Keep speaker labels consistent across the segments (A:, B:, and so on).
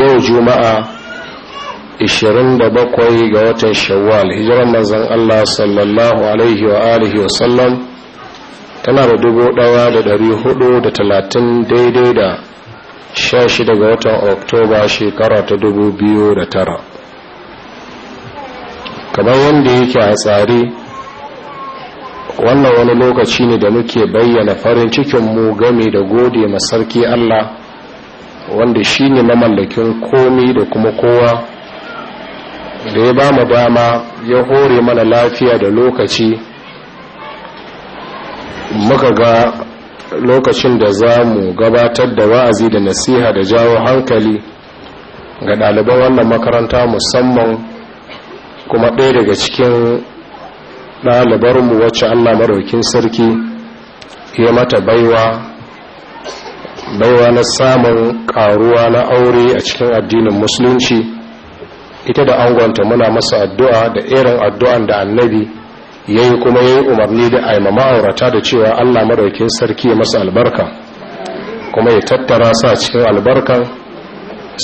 A: yau juma'a 27 ga watan shawwal hijiran manzan Allah sallallahu alaihi wa alihi wa sallam tana da dubu dawa da dari hudu da talatin daidai da sha shida ga watan oktoba shekara ta dubu biyu da tara kamar yadda yake a tsari wannan wani lokaci ne da muke bayyana farin cikinmu game da gode masarki Allah wanda shi ne mamallakin komi da kuma kowa da ya ba mu dama ya hore mana lafiya da lokaci muka ga lokacin da za mu gabatar da wa'azi da nasiha da jawo hankali ga ɗaliban wannan makaranta musamman kuma ɗaya daga cikin ɗalibarmu wacce allah maraukin sarki ya mata baiwa baiwa na samun karuwa na aure a cikin addinin musulunci ita da angonta muna masa addu'a da irin addu'an da annabi ya yi kuma ya yi umarni da aima ma'aurata da cewa allah maraikin sarki ya masa albarka kuma ya tattara sa cikin albarkan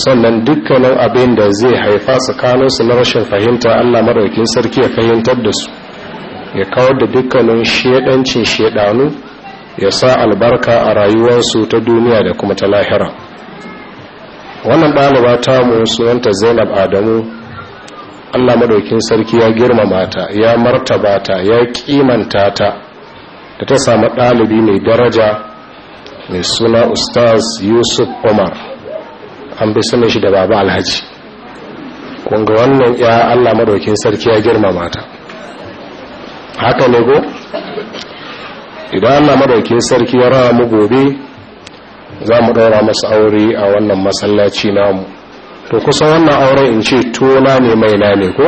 A: sannan dukkanin abin da zai haifa tsakaninsu na rashin fahimta allah maraikin sarki ya fahimtar da su ya kawar da dukkanin shaidancin shaidanu ya sa albarka a rayuwarsu ta duniya da kuma ta lahira wannan ɗaliba ta mu sunanta zainab adamu allah maɗaukin sarki ya girmama ta ya martaba ta ya kimanta ta da ta samu ɗalibi mai daraja mai suna ustaz yusuf umar an bi sunan shi da baba alhaji kunga wannan ya allah maɗaukin sarki ya girmama ta haka ne go idan Allah madaukin sarki ya rawa mu gobe za mu ɗaura masa aure a wannan masallaci namu to kusan wannan auren in ce tona ne mai na ne ko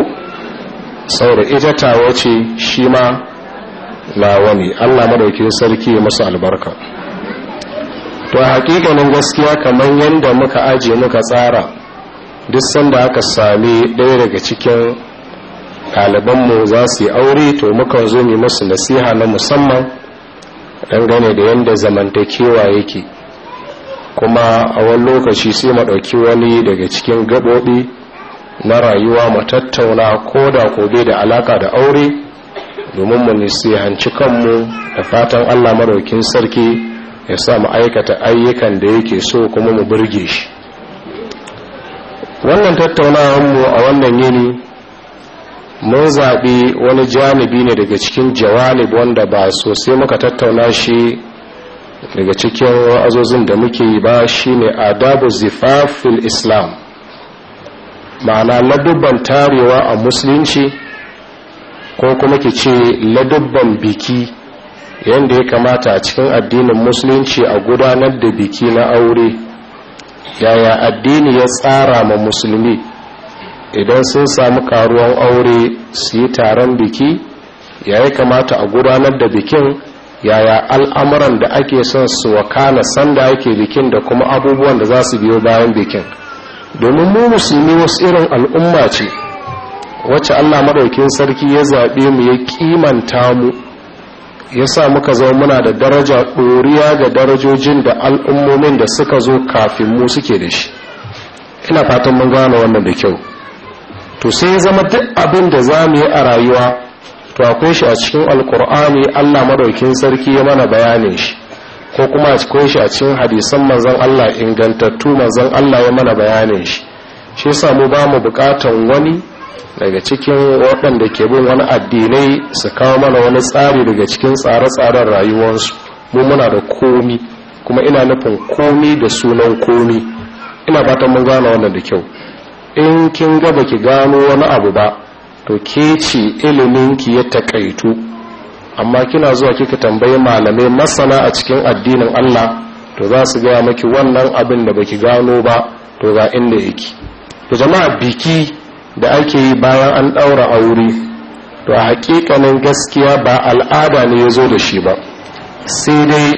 A: saboda ita ta ce shi ma lawa ne Allah madaukin sarki ya masa albarka to a hakikanin gaskiya kamar yadda muka aje muka tsara duk sanda aka sami ɗaya daga cikin ɗalibanmu za su yi aure to mukan zo mai masu nasiha na musamman dangane da yadda zamantakewa yake kuma a wani lokaci sai maɗauki wani daga cikin gaɓoɓi na rayuwa mu tattauna ko da kobe da alaka da aure domin mu nisihanci kanmu da fatan allah maɗaukin sarki ya sa mu aikata ayyukan da yake so kuma mu burge shi wannan mu a wannan yini mun zaɓi wani janibi ne daga cikin jawanib wanda ba sosai muka tattauna shi daga cikin wa'azozin da muke yi ba shi ne adabu zifafin islam ma'ana ladubban tarewa a musulunci ko kuma ke ce ladubban biki yadda ya kamata a cikin addinin musulunci a gudanar da biki na aure yaya addini ya tsara ma musulmi idan sun samu karuwan aure su yi taron biki ya yi kamata a gudanar da bikin yaya al'amuran da ake son su wakana sanda ake bikin da kuma abubuwan da za su biyo bayan bikin domin mu musulmi wasu irin al'umma ce wacce allah maɗaukin sarki ya zaɓe mu ya kimanta mu ya sa muka zama muna da daraja ɗoriya ga darajojin da al'ummomin da suka zo kafin mu suke da shi ina fatan mun gane wannan da kyau to sai zama duk abin da za mu yi a rayuwa to akwai shi a cikin alkur'ani allah madaukin sarki ya mana bayanin shi ko kuma akwai shi a cikin hadisan manzon allah ingantattu manzon allah ya mana bayanin shi shi yasa mu ba mu bukatan wani daga cikin waɗanda ke bin wani addinai su kawo mana wani tsari daga cikin tsare-tsaren rayuwarsu mu muna da komi kuma ina nufin komi da sunan komi ina fatan mun gane wannan da kyau in kin ga baki gano wani abu ba to ke ce iliminki ya takaitu amma kina zuwa kika tambayi malamai masana a cikin addinin Allah to za su gaya maki wannan abin da baki gano ba to ga inda yake to jama'a biki da ake yi bayan an ɗaura aure to a hakikanin gaskiya ba al'ada ne ya zo da shi ba sai dai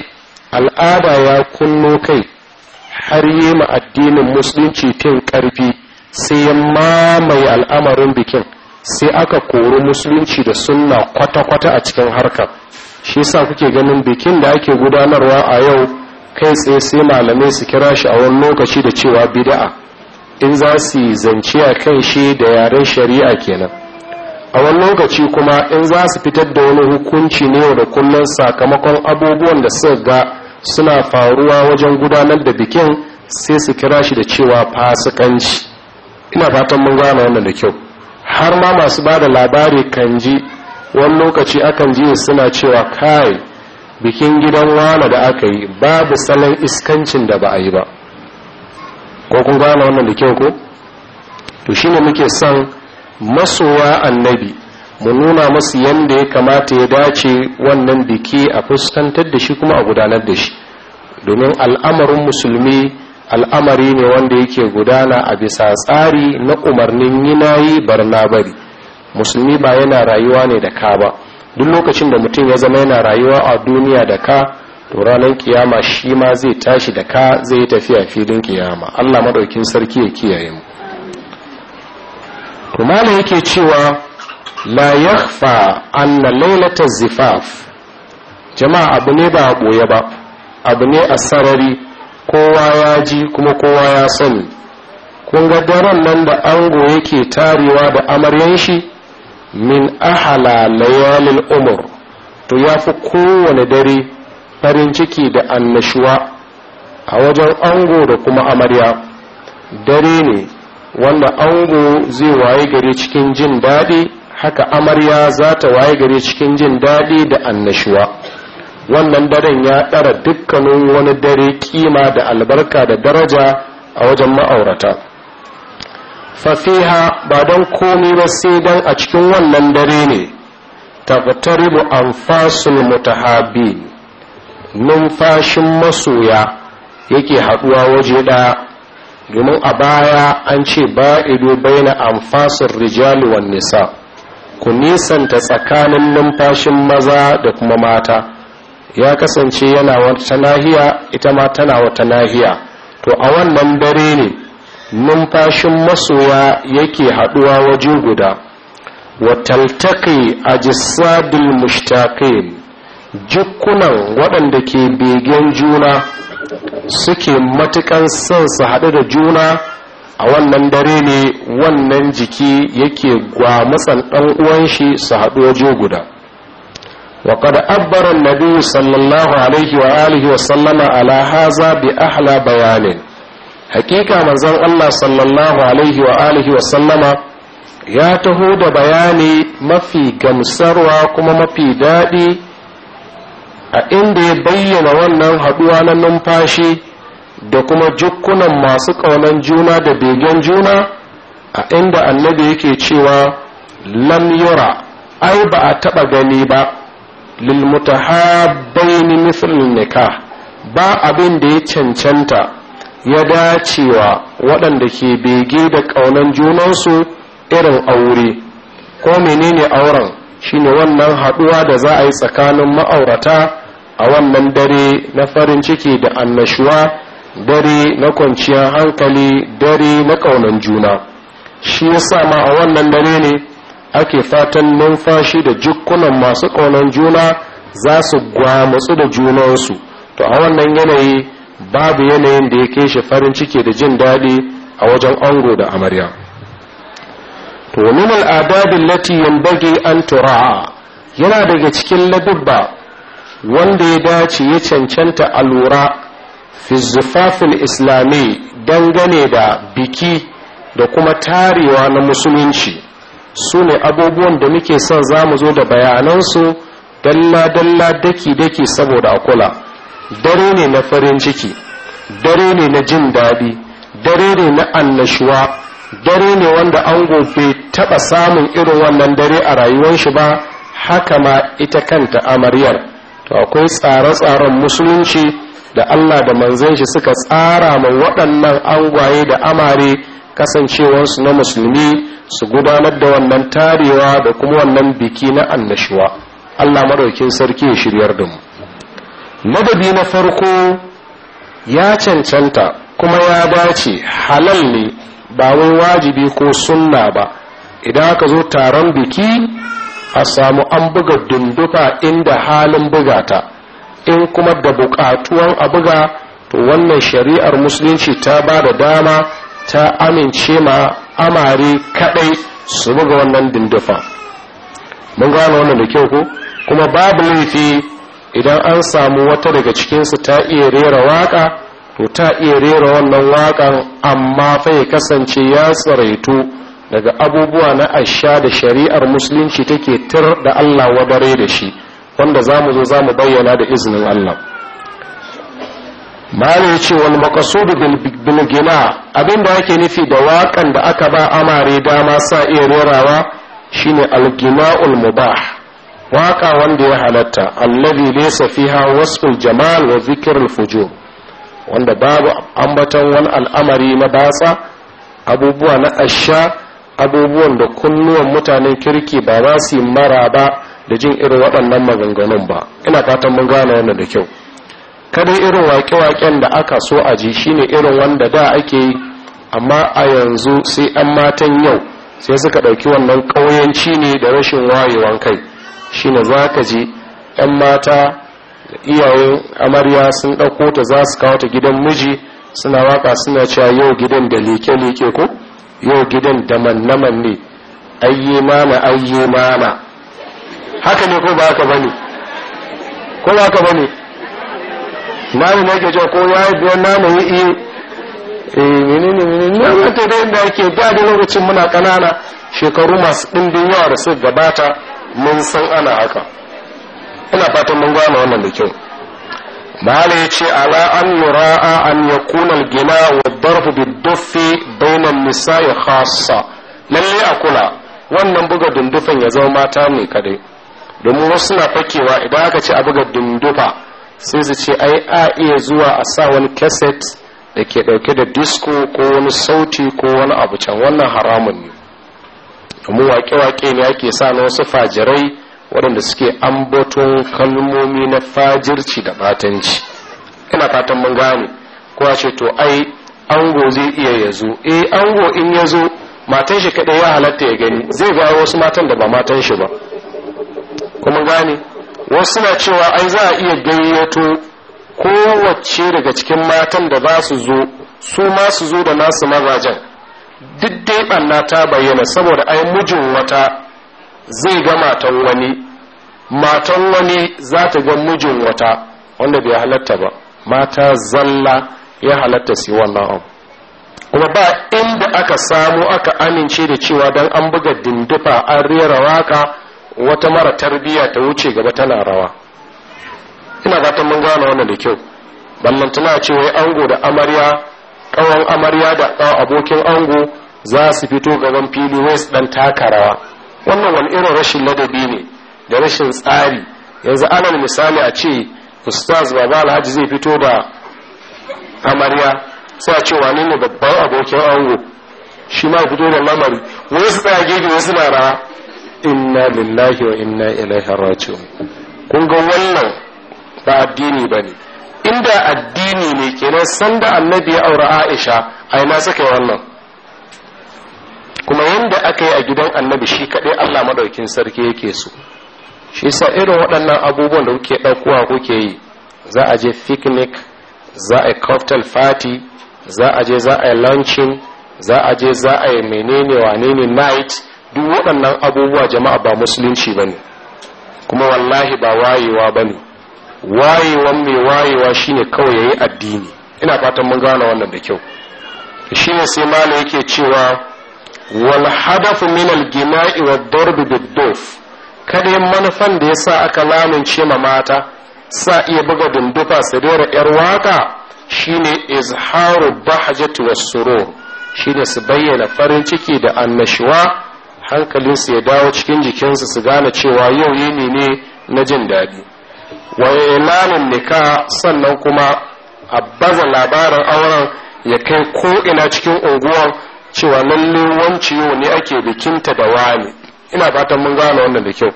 A: al'ada ya kunno kai har yi ma addinin musulunci tin ƙarfi sai ya mamaye al'amarin bikin sai aka kori musulunci da sunna kwata-kwata a cikin harkar shi sa kuke ganin bikin da ake gudanarwa a yau kai tsaye sai malamai su kira shi a wani lokaci da cewa bida'a in za su yi zance a kan shi da yaren shari'a kenan a wani lokaci kuma in za su fitar da wani hukunci ne da kullum sakamakon abubuwan da suka ga suna faruwa wajen gudanar da bikin sai su kira shi da cewa fasikanci ina fatan mun gane wannan da kyau har ma masu ba da labari kan ji wani lokaci akan ji suna cewa kai bikin gidan wane da aka yi babu salon iskancin da ba a yi ba ko kun gane wannan da kyau ko to shi ne muke son masowa annabi mu nuna masu yadda ya kamata ya dace wannan biki a fuskantar da shi kuma a gudanar da shi domin al'amarin musulmi al'amari ne wanda yake gudana a bisa tsari na umarnin yinayi barna bari musulmi ba yana rayuwa ne da ka ba duk lokacin da mutum ya zama yana rayuwa a duniya da ka to ranar kiyama shi ma zai tashi da ka zai tafiya filin kiyama allah maɗaukin sarki ya kiyaye mu to malam yake cewa la yakhfa anna lailata zifaf jama'a abu ne ba a ɓoye ba abu ne a sarari kowa ya ji kuma kowa ya sani kun ga daren nan da ango yake tarewa da amaryan shi min ahala layalin umar to ya fi kowane dare farin ciki da annashuwa a wajen ango da kuma amarya dare ne wanda ango zai waye gare cikin jin daɗi haka amarya za ta waye gare cikin jin daɗi da annashuwa wannan daren ya ɗara dukkanin wani dare kima da albarka da daraja a wajen ma'aurata fafiha ba don komai ba sai dan a cikin wannan dare ne taqtaribu anfasul mutahabi numfashin masoya yake haɗuwa waje ɗaya domin a baya an ce ba ido baina anfasul rijali wan nisa ku nisanta tsakanin numfashin maza da kuma mata ya kasance yana wata nahiya ita ma tana wata nahiya to a wannan dare ne numfashin masoya yake haɗuwa waje guda wataltaki a jisadil mushtaqin jikunan waɗanda ke begen juna suke matukan son su haɗu da juna a wannan dare ne wannan jiki yake gwamatsan ɗan uwan shi su haɗu waje guda وقد أبر النبي صلى الله عليه وآله وسلم على هذا بأحلى بيان حقيقة من زن الله صلى الله عليه وآله وسلم يا تهود بياني ما في جمسروا كما ما في دادي أإند يبين ونن هدوانا نمفاشي da kuma jukkunan masu ƙaunan juna da begen juna a inda annabi yake cewa lam yura ai ba a taɓa gani ba lil mutahabbaini mithlun nikah ba abin da ya cancanta ya dacewa waɗanda ke bege da ƙaunan junansu irin aure ko menene auren shine wannan haɗuwa da za a yi tsakanin ma'aurata a wannan dare na farin ciki da annashuwa dare na kwanciyar hankali dare na ƙaunan juna shi yasa ma a wannan dare ne ake fatan numfashi da jikunan masu ƙaunar juna za su gwamutsu da junansu to a wannan yanayi babu yanayin da ya kai shi farin ciki da jin daɗi a wajen ango da amarya to min al'adabin lati yanbaghi an tura'a yana daga cikin ladubba wanda ya dace ya cancanta a lura fi zufafin islami dangane da biki da kuma tarewa na musulunci su ne abubuwan da muke son za mu zo da bayanansu dalla-dalla daki-daki saboda akula dare ne na farin ciki dare ne na jin daɗi dare ne na annashuwa dare ne wanda an bai taɓa samun irin wannan dare a rayuwar shi ba haka ma ita kanta amaryar to akwai tsare-tsaren musulunci da allah da manzanshi suka tsara ma waɗannan angwaye da amare kasancewarsu na musulmi su gudanar da wannan tarewa da kuma wannan biki na annashuwa allah maraukin sarki ya shiryar da mu madadi na farko ya cancanta kuma ya dace halal ne ba wai wajibi ko sunna ba idan ka zo taron biki a samu an buga dundufa inda halin buga ta in kuma da bukatuwan a buga to wannan shari'ar musulunci ta ba da dama ta amince ma amare kadai su buga wannan dindufa mun gano wannan da kyau ko kuma babu laifi idan an samu wata daga cikinsu ta iya rera waka to ta iya rera wannan wakan amma fa ya kasance ya tsaraitu daga abubuwa na asha da shari'ar musulunci take tir da allah wadare da shi wanda zamu zo zamu bayyana da izinin allah malai ya ce wal bilgina bil gina abin da yake nufi da waƙan da aka ba amare dama sa iya rerawa shine al gina'ul mubah waka wanda ya halatta alladhi laysa fiha wasful jamal wa zikirar fujur wanda babu ambaton wani al'amari na batsa abubuwa na asha abubuwan da kunnuwan mutanen kirki ba za su yi mara ba da jin irin waɗannan maganganun ba ina fatan mun gane wannan da kyau kada irin waƙe-waƙen da aka so a ji shine irin wanda da ake yi amma a yanzu sai an matan yau sai suka ɗauki wannan ƙauyenci ne da rashin wayewan kai shine za ka ji 'yan mata iyayen amarya sun ɗauko ta za su kawo ta gidan miji suna waka suna cewa yau gidan da leke-leke ko yau gidan da manne-manne ayye mana ayye mana haka ne ko ba ka bane ko ba ka bane namu ne ke ko ya yi biyan namu yi iya eh menene menene ne wata da inda yake da da lokacin muna kanana shekaru masu dindin yawa da su gabata mun san ana haka ina fatan mun gane wannan da kyau mala ya ce ala an yura'a an yakuna al-gina wa darfu bid-duffi bayna nisai khassa lalle a kula wannan buga dundufan ya zama mata ne kadai domin wasu na fakewa idan aka ce a buga dundufa sai su ce ai a iya zuwa a sa wani kaset da ke dauke da disco ko wani sauti ko wani abu can wannan haramun ne domin wake-wake ne ake sa na wasu fajirai waɗanda suke ambaton kalmomi na fajirci da batanci ina fatan mun gane kowa ce to ai ango zai iya ya zo eh ango in ya zo matan shi kaɗai ya halatta ya gani zai ga wasu matan da ba matan shi ba kuma gane wasu na cewa ai za a iya gayyato kowace daga cikin matan da za su zo su ma su zo da nasu mazajen duk dai ɓanna ta bayyana saboda ai mijin wata zai ga matan wani matan wani za ta ga mijin wata wanda bai halatta ba mata zalla ya halatta su wannan abu kuma ba inda aka samu aka amince da cewa don an buga dindufa an rera waka wata mara tarbiyya ta wuce gaba tana rawa ina fatan mun gane wannan da kyau ballan ce wai ango da amarya kawan amarya da abokin ango za su fito gaban fili wai dan taka rawa wannan wani irin rashin ladabi ne da rashin tsari yanzu alal misali a ce ustaz baba alhaji zai fito da amarya sai a ce wani ne babban abokin ango shi ma fito da lamari wai su tsaya gefe wai suna rawa inna lillahi wa inna ilaihi raji'un kun ga wannan ba addini bane inda addini ne kenan san da annabi ya aure Aisha ai na saka wannan kuma yanda aka yi a gidan annabi shi kaɗai Allah maɗaukin sarki yake so shi sa irin waɗannan abubuwan da kuke ɗaukowa kuke yi za a je picnic za a yi cocktail party za a je za a yi lunching za a je za a yi menene wane ne night duk waɗannan abubuwa jama'a ba musulunci ba ne kuma wallahi ba wayewa ba ne wayewan mai wayewa shine kawai ya yi addini ina fatan mun gane wannan da kyau shi ne sai mala yake cewa wal hadafu min al gima'i wa darbi dof kada manufan da yasa aka lamince ma mata sa iya buga dundufa su dora yar waka shine izharu bahjati was surur shine su bayyana farin ciki da annashuwa hankalinsu ya dawo cikin jikinsu su gane cewa yau yini ne na jin daɗi wa ilanin nika sannan kuma a baza labarin auren ya kai ko ina cikin unguwan cewa lalle wanci yau ne ake bikinta da wani ina fatan mun gane wannan da kyau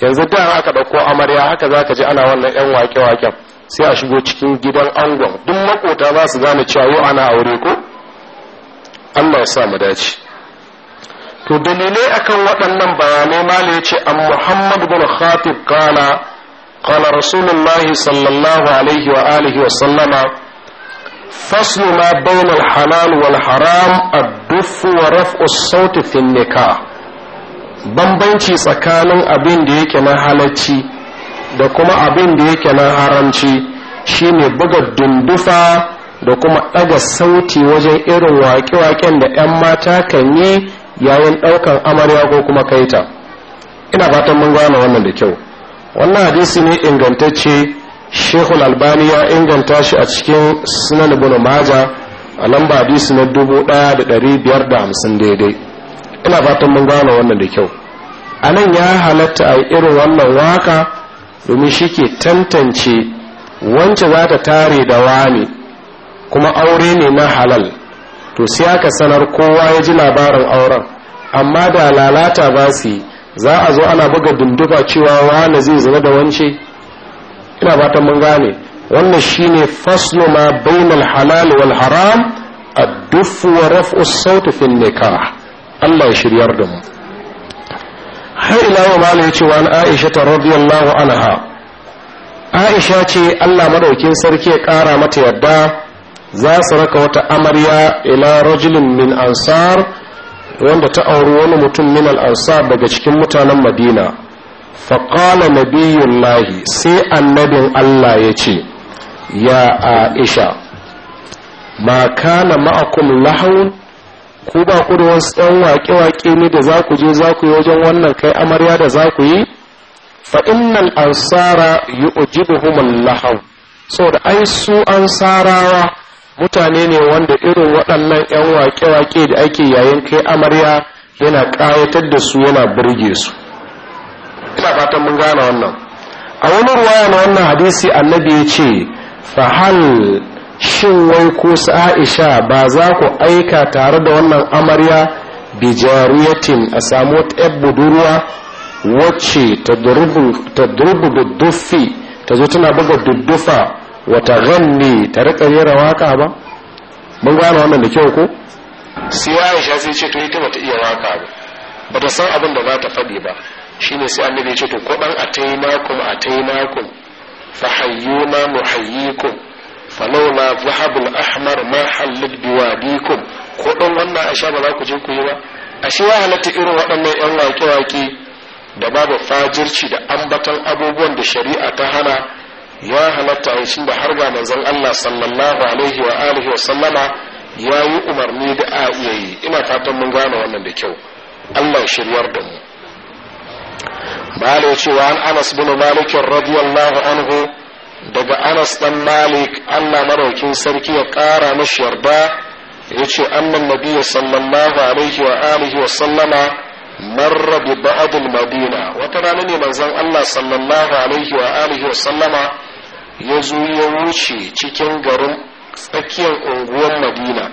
A: yanzu da aka ɗauko amarya haka za ka ji ana wannan 'yan wake-waken sai a shigo cikin gidan angon duk makota za su gane cewa yau ana aure ko allah ya sa mu dace to dalilai akan waɗannan bayanai mala yace an muhammad bin khatib kala kala rasulullahi sallallahu alaihi wa alihi wa sallama فصل ما بين الحلال والحرام الدف ورفع الصوت في nika. bambanci tsakanin abin da yake na halacci da kuma abin da yake na haramci shine buga dundufa da kuma ɗaga sauti wajen irin waƙe-waƙen da 'yan mata kan yi yayin daukan amarya ko kuma kaita ina fatan mun gane wannan da kyau wannan hadisi ne ingantacce al albani ya inganta shi a cikin sunan ibn Majah a lamba hadisi na 1550 daidai ina fatan mun gane wannan da kyau a nan ya halatta a irin wannan waka domin shi ke tantance wance za ta tare da wani kuma aure ne na halal to sai aka sanar kowa ya ji labarin auren amma da lalata ba su za a zo ana buga dunduba cewa wani zai zina da wance ina fatan mun gane wannan shine faslu ma bainal halal wal haram a duff wa raf'u as-sawt fi nikah Allah ya shiryar da mu har ila yau malam ya ce Aisha ta radiyallahu anha Aisha ce Allah madaukin sarki ya kara mata yadda za su raka wata amarya ila rajulin min ansar wanda ta auri wani mutum min al'ansar daga cikin mutanen madina faƙala nabiyun lahi sai annabin allah ya ce ya aisha ma kana ma'akum lahawun ku ba ku da wasu ɗan waƙe-waƙe ne da za ku je za ku yi wajen wannan kai amarya da za ku yi fa innal ansara yu'jibuhum lahawun saboda ai su ansarawa mutane ne wanda irin waɗannan 'yan wake-wake da ake yayin kai amarya yana ƙayatar da su yana birge su ina fatan mun gane wannan a wani ruwaya na wannan hadisi annabi ya ce fahal shin wai ko aisha ba za ku aika tare da wannan amarya bijariyatin a samu wata 'yar budurwa wacce ta durbu duffi zo tana buga duddufa wata ganni ta rika rera waka ba mun gane wannan da kyau ko sai Aisha sai ce to ita bata iya waka ba bata san abin da za ta faɗi ba shine sai annabi ya ce to ko dan ataynakum ataynakum fa hayyuna muhayyikum falaula zahabul ahmar ma halat biwadikum ko dan wannan Aisha ba za ku je ku yi ba ashe ya halatta irin waɗannan yan waƙe-waƙe da babu fajirci da ambatan abubuwan da shari'a ta hana ya halatta a shi da har ba manzon Allah sallallahu alaihi wa alihi wa sallama ya yi umarni da a iya yi ina fatan mun gane wannan da kyau Allah shiryar da mu balo cewa an Anas bin Malik radiyallahu anhu daga Anas dan Malik Allah maraukin sarki ya kara mishi yarda yace annan nabi sallallahu alaihi wa alihi wa sallama marra bi ba'd madina wata rana ne manzon Allah sallallahu alaihi wa alihi wa sallama ya zo ya wuce cikin garin tsakiyar unguwar madina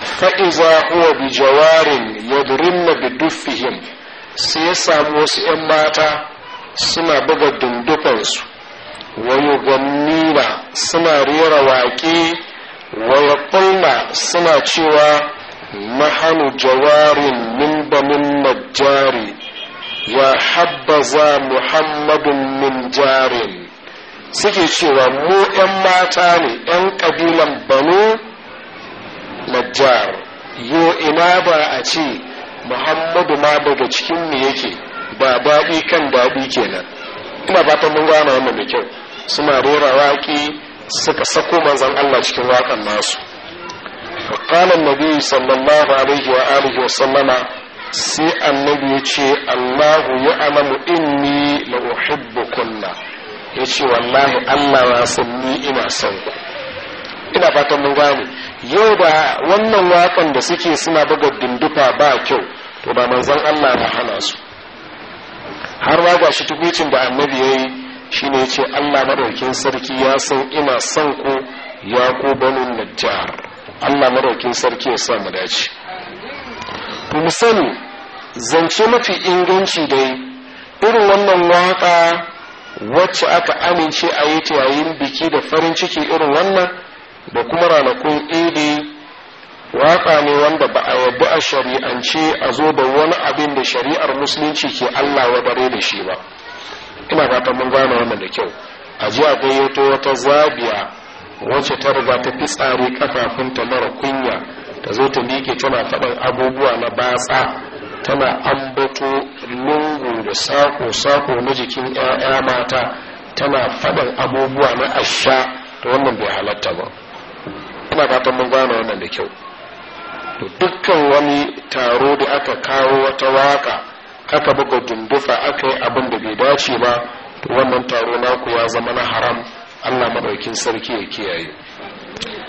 A: fa'iza huwa bi jawarin yadrinna bi dufihim sai ya samu wasu ‘yan mata suna buga su Wani gammina suna rera waƙe waya ƙulla suna cewa nahanu jawarin min banin najari ya za muhammadun min jarin suke cewa mu 'yan mata ne 'yan ƙabilan banu najjar yo ina ba a ce muhammadu ma daga cikin mu yake ba baɗi kan daɗi kenan ina fatan mun gane wannan da kyau suna rera waƙi suka sako manzan Allah cikin waƙan nasu فقال النبي صلى الله عليه وآله وسلم سي النبي يقول الله يعلم إني لأحبكن ya ce wallahi Allah ya san ni ina son ku ina fatan mun gane yau da wannan wakan da suke suna buga dindufa ba kyau to ba manzon Allah na hana su har ma ga shi tukucin da annabi yayi shine yace Allah madaukin sarki ya san ina son ku ya ku banin najjar Allah madaukin sarki ya sa mu dace to mu zance mafi inganci dai irin wannan waka wacce aka amince a yi yayin biki da farin ciki irin wannan da kuma ranakun idi waƙa ne wanda ba a yabu a shari'ance a zo da wani abin da shari'ar musulunci ke allah wa bare da shi ba ina fatan mun gane wannan da kyau a ji a gayyato wata zabiya wacce ta riga ta fi tsari kafafunta mara kunya ta zo ta miƙe tana faɗin abubuwa na batsa tana ambato lungu da sako-sako na jikin 'ya'ya mata tana faɗin abubuwa na asha da wannan bai halatta ba ina fatan mun gane wannan da kyau to dukkan wani taro da aka kawo wata waka aka buga dundufa aka yi abin da bai dace ba to wannan taro naku ya zama na haram allah maɗaukin sarki ya kiyaye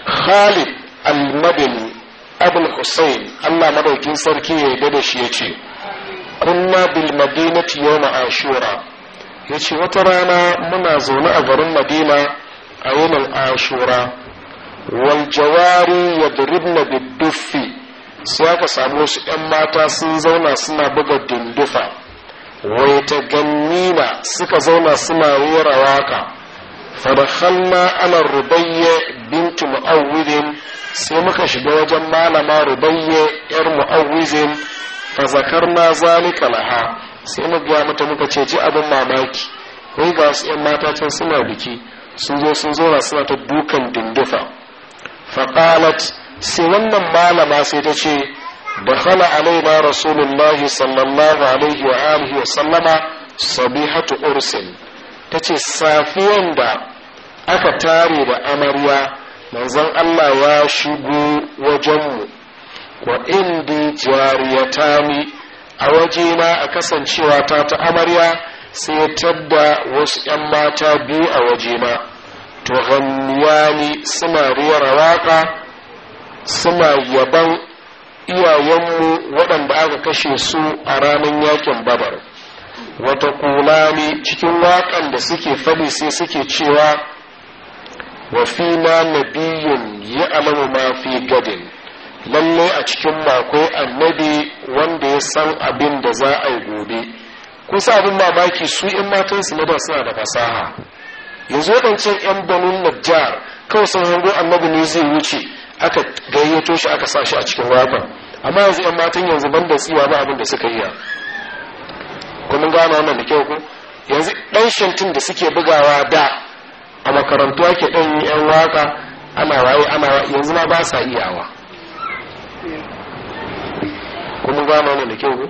A: khalid al-madani abul hussein allah madaukin sarki ya yi da shi ya ce kunna bil madinati yawma ashura ya ce wata rana muna zaune a garin madina a yanin ashura wal jawari yadribna biduffi sai aka samu wasu 'yan mata sun zauna suna buga dindufa wai ta gannina suka zauna suna rera waka fadakhalna ala rubayya bintu mu'awwidin sai muka shiga wajen malama rubayye yar mu'awizin fa zakarna zalika laha sai mu ga mata muka ce ji abin mamaki kai ga su yan mata can suna biki sun zo sun zauna suna ta dukan dindufa fa qalat sai wannan malama sai ta ce dakhala alaina rasulullahi sallallahu alaihi wa alihi wa sallama sabihatu ursin tace safiyan da aka tare da amarya manzon Allah ya shigo wajenmu wa indi jariyatani a wajena a kasancewa ta ta amarya sai tabba wasu 'yan mata biyu a wajena to ni suna ruwar waka suna yaban iyayenmu waɗanda aka kashe su a ranar yakin babar wata kulani cikin waƙan da suke faɗi sai suke cewa وفينا نبي يعلم ما في ma fi gadin lalle a cikin makoi annabi wanda ya san abin da za a yi gobe kusa abin mamaki su in matan su da suna da fasaha yanzu waɗancan 'yan banu najjar kawai sun hango annabi ne zai wuce aka gayyato shi aka sa shi a cikin wakan amma yanzu 'yan matan yanzu ban tsiwa ba abin da suka yi kuma gano wannan da kyau ku yanzu ɗan shantin da suke bugawa da a makarantu ake ɗan yan waka ana waye ana waye yanzu ma ba sa iyawa kuma gano ne da kyau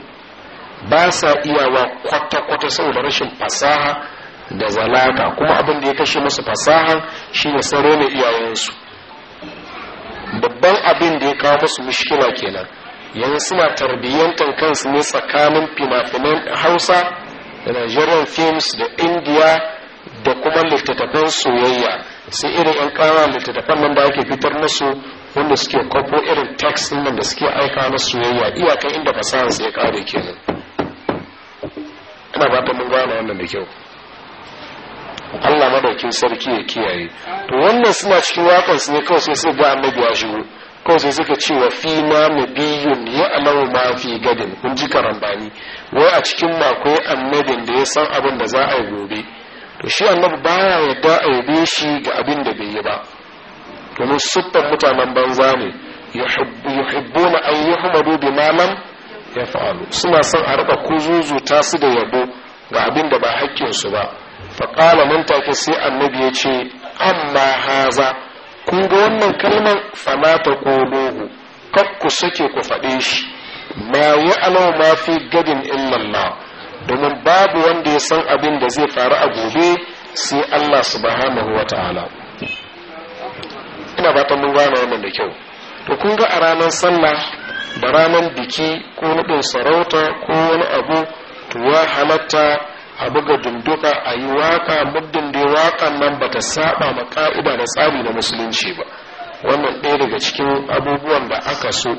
A: ba sa iyawa kwata-kwata saboda rashin fasaha da zalaka kuma abin da ya kashe musu fasaha shi shine sare ne iyayensu babban abin da ya kawo musu mushkila kenan yanzu suna tarbiyyantar kansu ne tsakanin fina-finan hausa da nigerian films da india da kuma littattafan soyayya sai irin yan ƙara littattafan nan da ake fitar nasu wanda suke kwafo irin text nan da suke aika na soyayya iyakan inda fasahar sai ya ƙare kenan ina ba ta mun gane wannan da kyau Allah madaukin sarki ya kiyaye to wannan suna cikin wakan su ne kawai sai sai ga annabi ya shigo kawai sai suka ce wa fi ma nabiyun ya alau ma fi gadin kun ji karambani wai a cikin makwai akwai annabin da ya san abin da za a yi gobe to shi annabi baya yarda a yabe shi ga abin da bai yi ba domin siffar mutanen banza ne ya na an yuhmadu malam ya fa'alu suna son a rika kuzuzuta su da yabo ga abin da ba hakkin su ba faƙala nan take sai annabi ya ce amma haza kun ga wannan kalmar fala ta kolohu kar sake ku faɗe shi ma yi alau ma fi gadin illallah domin babu wanda ya san abin da zai faru a gobe sai Allah subhanahu wa ta'ala ina batan mun gane wannan da kyau to kun ga a ranar sallah da ranar biki ko nudin sarauta ko wani abu to ya halatta a buga dunduka a yi waka muddin da wakan nan ba ta saba ma ka'ida da tsari na musulunci ba wannan ɗaya daga cikin abubuwan da aka so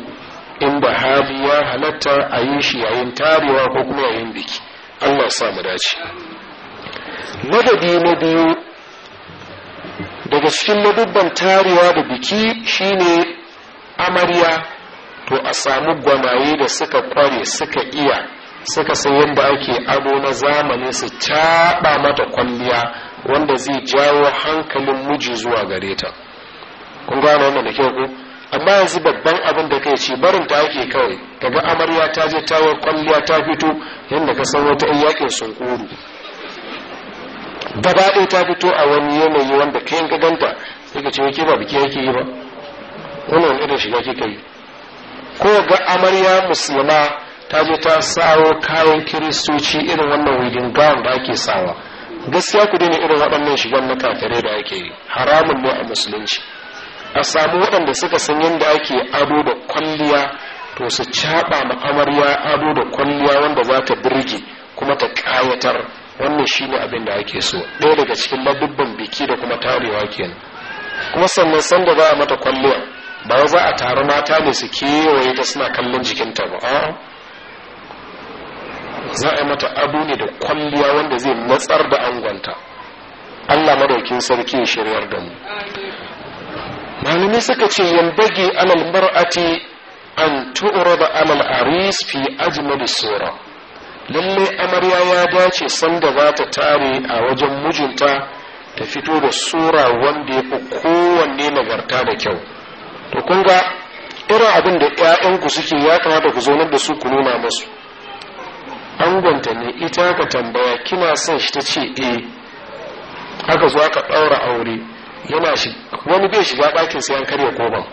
A: inda hali ya halatta a yi shi yayin tarewa ko kuma yayin biki Allah sa mu dace madadi na biyu daga cikin madubban tarewa da biki shine amarya to a samu gwamaye da suka kware suka iya suka san yadda ake abu na zamani su caɓa mata kwalliya wanda zai jawo hankalin miji zuwa gareta. ta kun gane wannan da kyau ku amma yanzu babban abin da kai ce barin ta ake kawai daga amarya ta je tawar kwalliya ta fito yadda ka san wata ɗan yakin sun koru gaba ɗaya ta fito a wani yanayi wanda kayan gaganta sai ka ce wake ba biki yake yi ba wannan irin shiga kika yi ko ga amarya musulma ta je ta sawo kayan kiristoci irin wannan wedding gown da ake sawa gaskiya ku daina irin waɗannan shigan na kafirai da ake yi haramun ne a musulunci a samu waɗanda suka san yadda ake ado da kwalliya to su caɓa ma amarya ado da kwalliya wanda za ta birge kuma ta ƙayatar wannan shi ne abin da ake so ɗaya daga cikin labubban biki da kuma tarewa kenan kuma sannan sanda za a mata kwalliya ba za a taru mata ne su kewaye ta suna kallon jikinta ba a za a yi mata ado ne da kwalliya wanda zai matsar da angonta Allah madaukin sarki ya shiryar da mu malami suka ce yambage alal mar'ati an da alal aris fi ajmal sura lalle amarya ya dace sanda za ta tare a wajen mijinta ta fito da sura wanda ya fi kowanne nagarta da kyau to kun ga irin abin da 'ya'yanku suke ya kamata ku zaunar da su ku nuna musu angonta ne ita ka tambaya kina son shi ta ce eh haka zuwa ka ɗaura aure yana shi wani bai shiga ɗakin sai an karya koban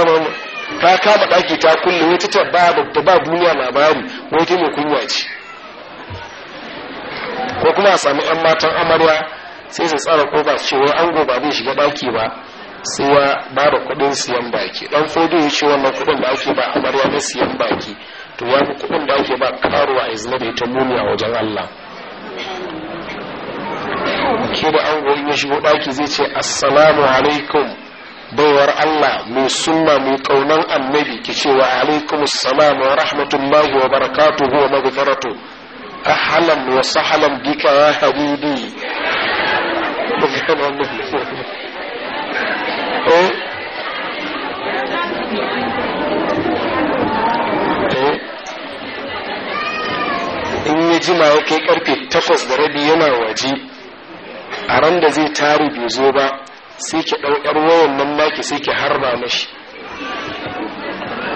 A: ta kama ɗaki ta kulle wata ta ba ba duniya labari wata mai kunya ce ko kuma a sami yan matan amarya sai su tsara koba su cewa an goba zai shiga ɗaki ba sai ya ba da kuɗin siyan baki ɗan fodo ya ce wannan kudin da ake ba amarya na siyan baki to wani da ake ba karuwa a izina da ita muni a wajen Allah ke da an goyi ya shigo ɗaki zai ce assalamu alaikum baiwar Allah mai sunna mai ƙaunan annabi ki ce wa alaikum assalam wa rahmatullahi wa barakatuhu wa maghfiratu ahlan wa sahlan bika ya habibi jima ya kai karfe takwas da rabi yana waje a ran da zai tare bai zo ba sai ki ɗau ƴar wayan nan naki sai ki harba mashi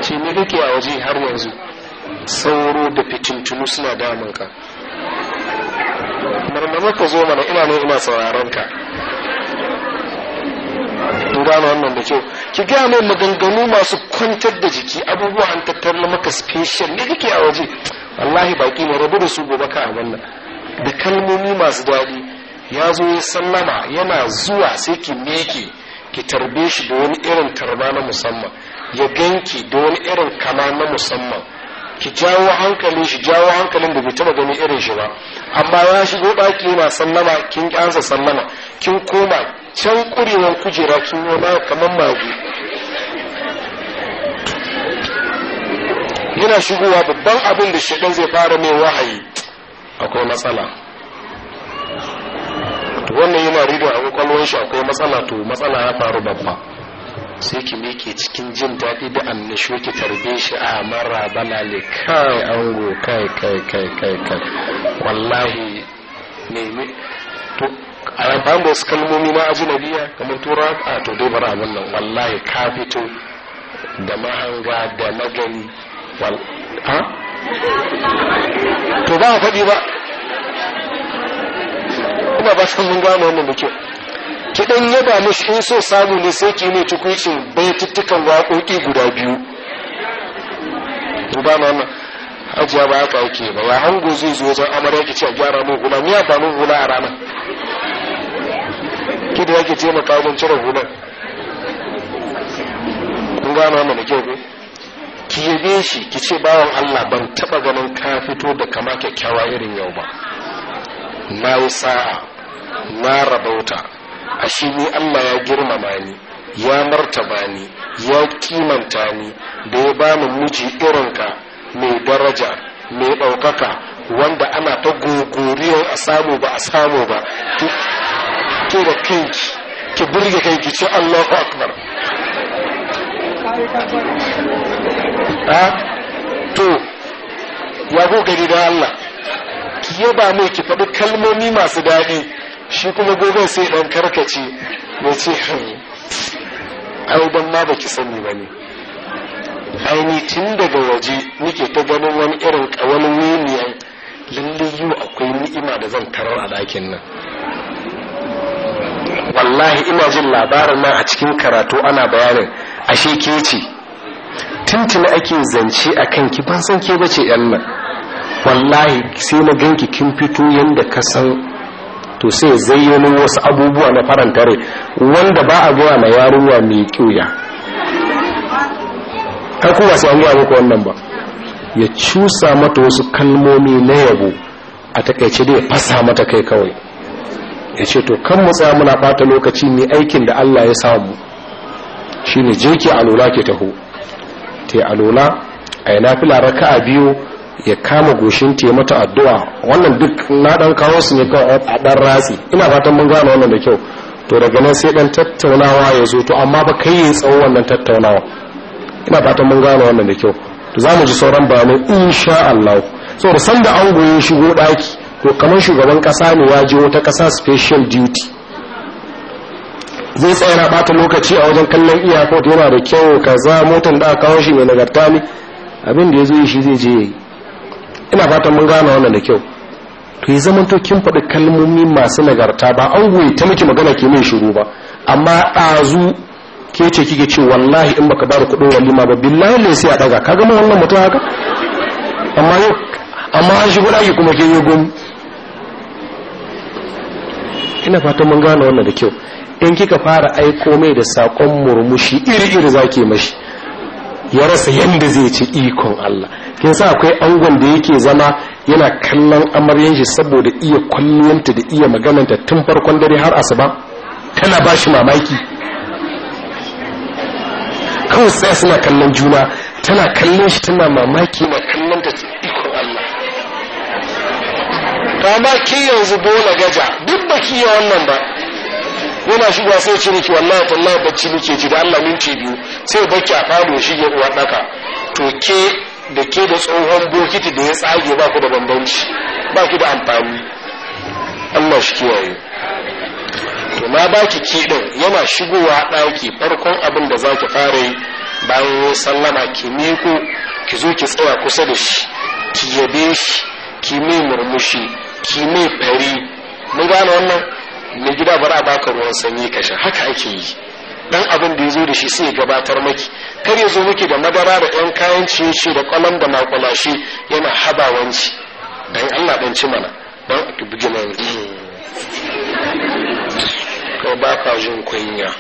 A: ce ni kake a waje har yanzu sauro da fitintunu suna damun ka marmama ka zo mana ina ne ina sauraron ka in gano wannan da kyau ki gaya mai maganganu masu kwantar da jiki abubuwan tattalin maka special ne kake a waje wallahi baki ne rabu da su gobe ka a wannan da kalmomi masu daɗi ya zo ya sallama yana zuwa sai ki meke ki tarbe shi da wani irin tarba na musamman ya ganki da wani irin kama na musamman ki jawo hankali shi jawo hankalin da bai taba gani irin shi ba amma ya shigo ɗaki yana sallama kin kyansa sallama kin koma can kurewan kujera kin yi kamar magu yana shigowa babban abin da shaɗan zai fara mai wahayi akwai matsala wannan yana rido a kwakwalwar shi akwai matsala to matsala ya faru babba sai ki meke cikin jin daɗi da annashu ki tarbe shi a mara balale kai ango kai kai kai kai kai wallahi nemi to a ba wasu kalmomi ma biya kamar tura a to dai bara abin nan wallahi ka fito da mahanga da magani to ba a faɗi ba ina ba san mun gano wannan da ki dan in so samu ne sai ki bai waƙoƙi guda biyu to ba ma hajiya ba haka ba hango zai zo wajen a gyara mun hula ba hula a ranar ki da yake taimaka mun cire hulan ki yabe shi ki ce bawan Allah ban taba ganin ka fito da kama kyakkyawa irin yau ba na yi sa'a na rabauta a shi ni Allah ya girmama ni ya martaba ni ya kimanta ni da ya ba mu miji ka mai daraja mai ɗaukaka wanda ana ta gogoriyar a samu ba a samu ba ke da kanki ki burge kanki ce Allahu akbar to ya gari da Allah ki yaba mai ki faɗi kalmomi masu daɗi shi kuma gogon sai ɗan karkace ya ce ai dan ma baki sani ba ne aini tun daga waje nake ta ganin wani irin wani wuniyan lalle yau akwai ni'ima da zan tarar a ɗakin nan wallahi ina jin labarin nan a cikin karatu ana bayanin ashe ke ce tuntuna ake zance a kanki ban san ke bace yan nan wallahi sai na ganki kin fito yadda ka san to sai zayyano wasu abubuwa na faranta rai wanda ba a gaya ma yaruwa mai kyuya har kuma sai an gaya muku wannan ba ya cusa mata wasu kalmomi na yabo a takaice dai ya fasa mata kai kawai ya ce to kan mutsa muna fata lokaci mai aikin da Allah ya samu shine jirki a lura ke taho ta alola a yi nafila raka a biyu ya kama goshin ta mata addu'a wannan duk na dan kawo su ne kawai a ɗan ratsi ina fatan mun gane wannan da kyau to daga nan sai ɗan tattaunawa ya zo to amma ba kai ya tsawon wannan tattaunawa ina fatan mun gane wannan da kyau to za mu ji sauran bayanai insha Allah saboda sanda an goyi shigo daki to kamar shugaban ƙasa ne ya je wata ƙasa special duty zai tsaya na bata lokaci a wajen kallon iyakot yana da kyau kaza motan da aka kawo shi mai nagarta ne abin da ya zo shi zai je yi ina fatan mun gane wannan da kyau to yi zaman to kin faɗi kalmomi masu nagarta ba an goyi ta miki magana ke mai shiru ba amma ɗazu ke ce kike ce wallahi in baka bada kuɗin walima ba billahi ne sai a ɗaga ka gama wannan mutum haka amma yau amma an shigo ɗaki kuma ke yi gum ina fatan mun gane wannan da kyau in kika fara aiko mai da sakon murmushi iri-iri zake mashi ya rasa yadda zai ci ikon Allah kin sa akwai angon da yake zama yana kallon amaryan shi saboda iya kwalliyanta da iya magananta tun farkon dare har asuba tana ba shi mamaki kawai sai suna kallon juna tana kallon shi tana mamaki na kallon ta ikon Allah ba ma ki yanzu bola gaja duk ba ki wannan ba yana shigowa sai ce miki wallahi tallahi bacci muke ji da Allah minti biyu sai baki a fado shi ya uwa daka to ke da ke da tsohon bokiti da ya tsage ba ku da bambanci ba ku da amfani Allah shi kiyaye to na baki ke din yana shigowa daki farkon abin da zaki fara yi bayan sallama ki miko ki zo ki tsaya kusa da shi ki yabe shi ki mai murmushi ki mai fari mun gane wannan mai gida bara baka ruwan sanyi ka sha haka ake yi dan abin da ya zo da shi sai gabatar maki kar ya zo miki da madara da yan kayan ciye da kwalam da makulashi yana habawanci dan Allah dan ci mana dan ki buge mana ko ba ka jin kunya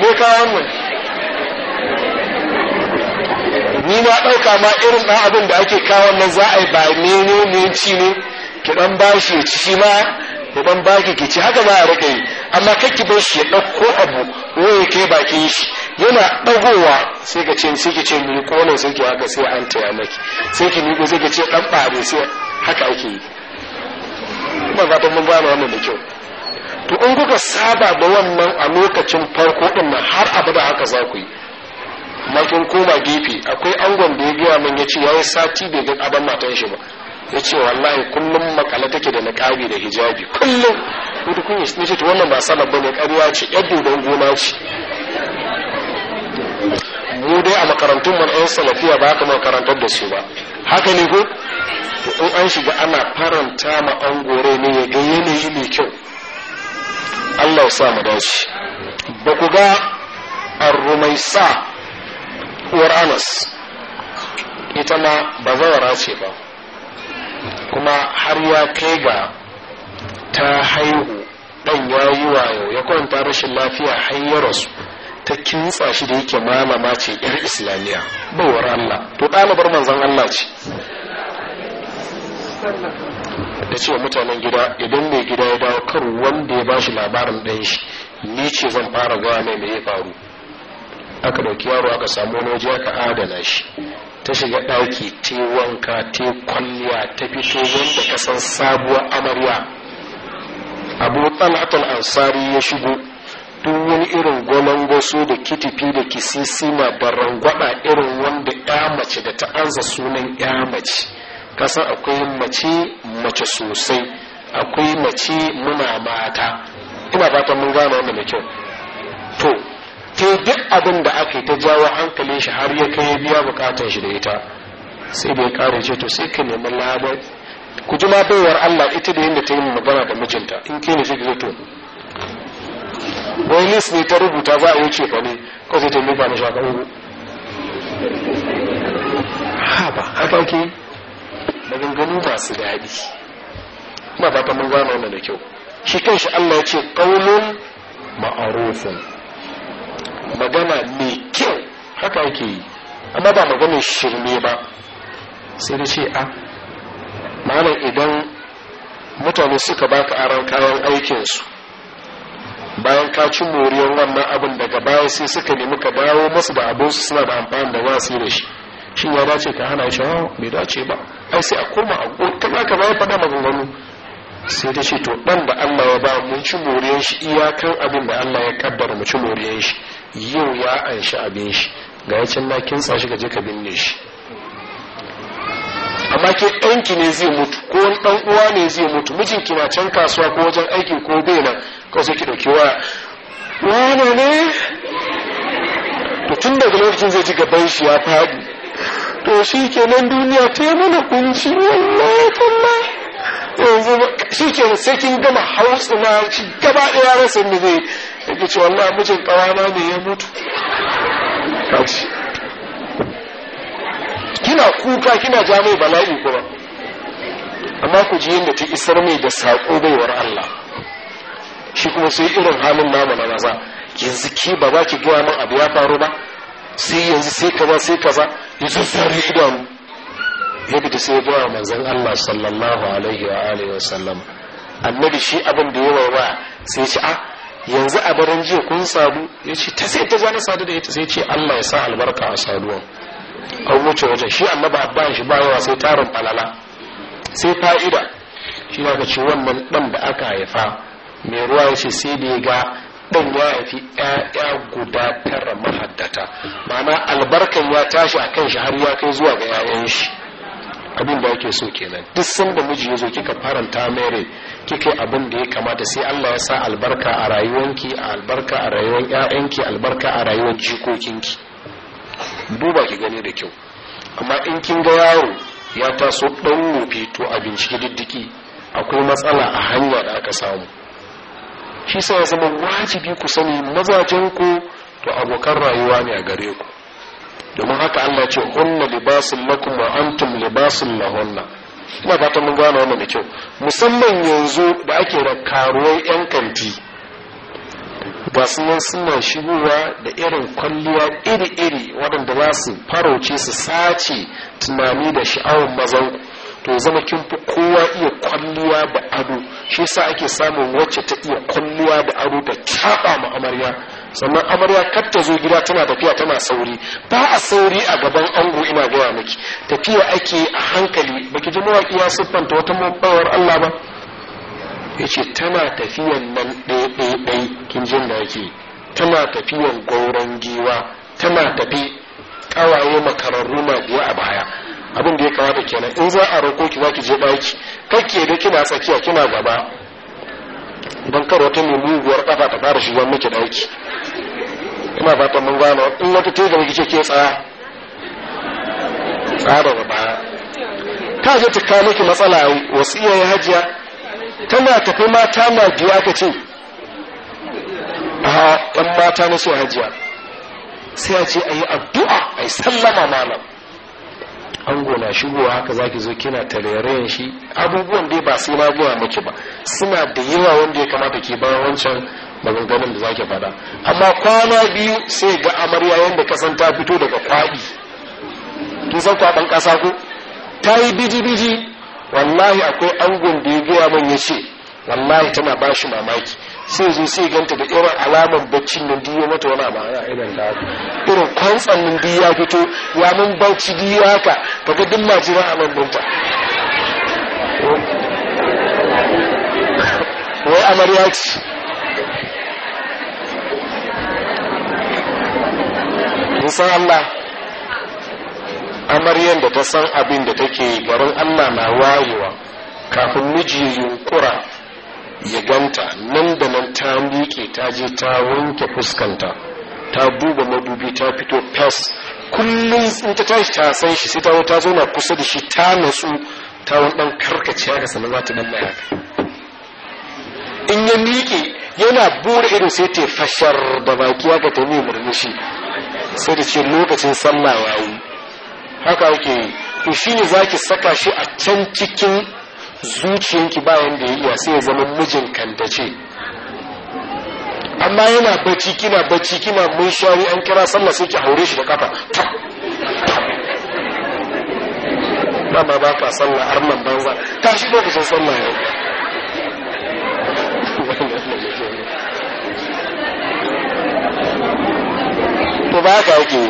A: ne ka wannan ni na ɗauka ma irin ɗan abin da ake kawo nan za a yi ba menene ci ne ki dan bashi ya ci shi ma ya dan baki ki ci haka za a rika yi amma kar ki bar shi ya dauko abu waye kai bakin shi yana dagowa sai ka ce sai ki ce mu ko ne sai ki haka sai an taya maki sai ki miƙo sai ki ce dan bare sai haka ake yi kuma ga mun ba mu da kyau to in kuka saba da wannan a lokacin farko din nan har abada haka za ku yi makin koma gefe akwai angon da ya gaya min ya ce yayi sati bai ga aban matan shi ba ya ce wallahi kullum makala take da niƙabi da hijabi kullum duk kun yi ce wannan ba sallar bane ƙarya ce yar dodon gona ce mu dai a makarantun mu ɗan salafiya ba haka makarantar da su ba haka ne ko to in an shiga ana faranta ma an gore ne ya ga yanayi mai kyau Allah sa mu dace ba ku ga ar rumaysa uwar Anas ita ma bazawara ce ba kuma har ya kai ga ta haihu ɗan ya yi wayo ya kwanta rashin lafiya har ya rasu ta kintsa shi da yake malama ce yar islamiyya bawar Allah to ɗalibar manzon Allah ce da cewa mutanen gida idan mai gida ya dawo kar wanda ya bashi labarin ɗan shi ni ce zan fara gawa mai mai ya faru aka ɗauki yaro aka samu wani waje aka adana shi ta shiga ɗaki ta wanka ta kwalliya ta fito wanda ka san sabuwar amarya abu talhatul ansari ya shigo duk wani irin gwalangwaso da kitifi da kisisima barangwada irin wanda ya mace da ta anza sunan ya mace kasan akwai mace mace sosai akwai mace muna mata ina fatan mun gane wanda mai kyau sai duk abin da aka yi ta jawo hankalin shi har ya kai biya bukatar shi da ita sai bai kare ce to sai ka neman labar ku ji ma baiwar Allah ita da yadda ta yi magana da mijinta in ke ne shi ka to wani ne ta rubuta za a yi ce ne ko sai ta yi ba na shakan wuru ha ba haka ke maganganu su daɗi ma ba ta mun gano da kyau shi kanshi Allah ya ce ƙaunin ma'arufin magana mai kyau haka yake yi amma ba magana shirme ba sai da ce a ah, malam idan mutane suka baka aron kayan aikinsu bayan ka ci moriyar wannan abin daga baya sai suka nemi ka dawo masu da abinsu suna da amfani da wasu da shi shi ya dace ka hana shi hau ah, bai dace ba ai sai a koma a kuma ka bayan faɗa maganganu sai ta ce to ɗan da allah ya ba mun ci moriyar shi iyakan abin da allah ya kaddara mu ci moriyar shi yau ya anshi abin shi ga ya can na kintsa shi gaje ka binne shi amma ke ɗanki ne zai mutu ko ɗan uwa ne zai mutu mijinki na can kasuwa ko wajen aiki ko bai nan kawai sai ki ɗauki waya wani ne to tun daga lokacin zai ji gaban shi ya faɗi to shi ke nan duniya ta yi mana kunci wallahi tallahi yanzu shi kenan sai kin gama hausa na shi gaba ɗaya rasa ne zai yake ce wallah mijin ƙawana ne ya mutu kaji kina kuka kina ja mai bala'i kuma amma ku ji yadda ta isar mai da saƙo baiwar Allah shi kuma sai irin halin namu na maza yanzu ke ba ba ki gaya min abu ya faru ba sai yanzu sai kaza sai kaza yanzu zare idanu bi ta sai gaya manzan Allah sallallahu alaihi wa alihi wa sallam annabi shi abin da ya ba sai ci a ah, yanzu a daren jiya kun sadu ya ce ta sai ta zane sadu da ita sai ce Allah ya sa albarka a saduwa. an wuce wajen shi annabi abban shi ba yawa sai tarin falala sai fa'ida shi na ga ce wannan dan da aka haifa mai ruwa ya ce sai da ya ga dan ya haifi ƴaƴa guda tara mahaddata ma'ana albarkan ya tashi a kan shi har ya kai zuwa ga 'ya'yan shi abin da yake so kenan duk sanda miji ya zo kika faranta mere kika yi abin da ya kamata sai Allah ya sa albarka a rayuwanki albarka a rayuwar ƴaƴanki albarka a rayuwar jikokinki duba ki gani da kyau amma in kin ga yaro ya taso dan rufe to a binciki diddiki akwai matsala a hanya da aka samu shi sa ya zama wajibi ku sani mazajen ku to abokan rayuwa ne a gare ku domin haka Allah ce hunna libasin lakum wa antum libasun lahunna ina ta mun gane wannan da kyau musamman yanzu da ake da karuwai yan kanti ga sunan suna shigowa da irin kwalliya iri-iri waɗanda za su farauce su sace tunani da sha'awar mazan to zama kin fi kowa iya kwalliya da ado shi yasa ake samun wacce ta iya kwalliya da ado ta kyaɓa ma amarya sannan amarya kar ta zo gida tana tafiya tana sauri ba a sauri a gaban ango ina gaya miki tafiya ake a hankali baki ji mawaƙi ya siffanta wata mabawar Allah ba ya ce tana tafiyan nan ɗaiɗaiɗai kin jin da yake tana tafiyan gauran giwa tana tafi ƙawaye makararru ma biya a baya abin da ya kamata kenan in za a roko ki za ki je ɗaki kake da kina tsakiya kina gaba don kar wata mai muguwar kafa ta fara shiga miki daki ina fatan mun gano in wata ta gaba kike ke tsaya tsara da baya ta je ta kawo miki matsala wasu iyayen hajiya tana tafi mata na biya ka ce a ɗan mata na so hajiya sai a ce a yi addu'a a yi sallama malam ango na shigowa haka zaki zo kina tarairayin shi abubuwan dai ba sai na gaya miki ba suna da yawa wanda ya kamata ke bayan wancan maganganun da zaki faɗa amma kwana biyu sai ga amarya yadda kasan ta fito daga kwaɗi kin san kwaɗan ƙasa ko ta yi biji-biji wallahi akwai angon da ya gaya man ya ce wallahi tana ba shi mamaki sai zo sai ganta da irin alaman baccin nan diyo mata wani abu ana irin da irin kwantsan nan diyo ya fito ya mun bauchi diyo haka ta ga duk majina a nan ta wai amarya ce san Allah amaryan da ta san abin da take garin Allah na wayewa kafin miji yunkura ya ganta nan da nan ta miƙe ta je ta wanke fuskanta ta duba madubi ta fito fes kullum in ta tashi ta san shi sai ta wata kusa da shi ta natsu ta wani ɗan karkace haka sannan za ta lallaya in ya miƙe yana bura irin sai ta fashar da baki haka ta mai murmushi sai da ce lokacin sallah yi haka ake yi to za ki saka shi a can cikin zuciyanki bayan da ya iya sai ya zama mijin kandace amma yana bacci kina bacci kina mun shari an kira sallah sai ki haure shi da kafa ba ma ba ka sallah arman banza tashi lokacin sallah yau to ba ka yake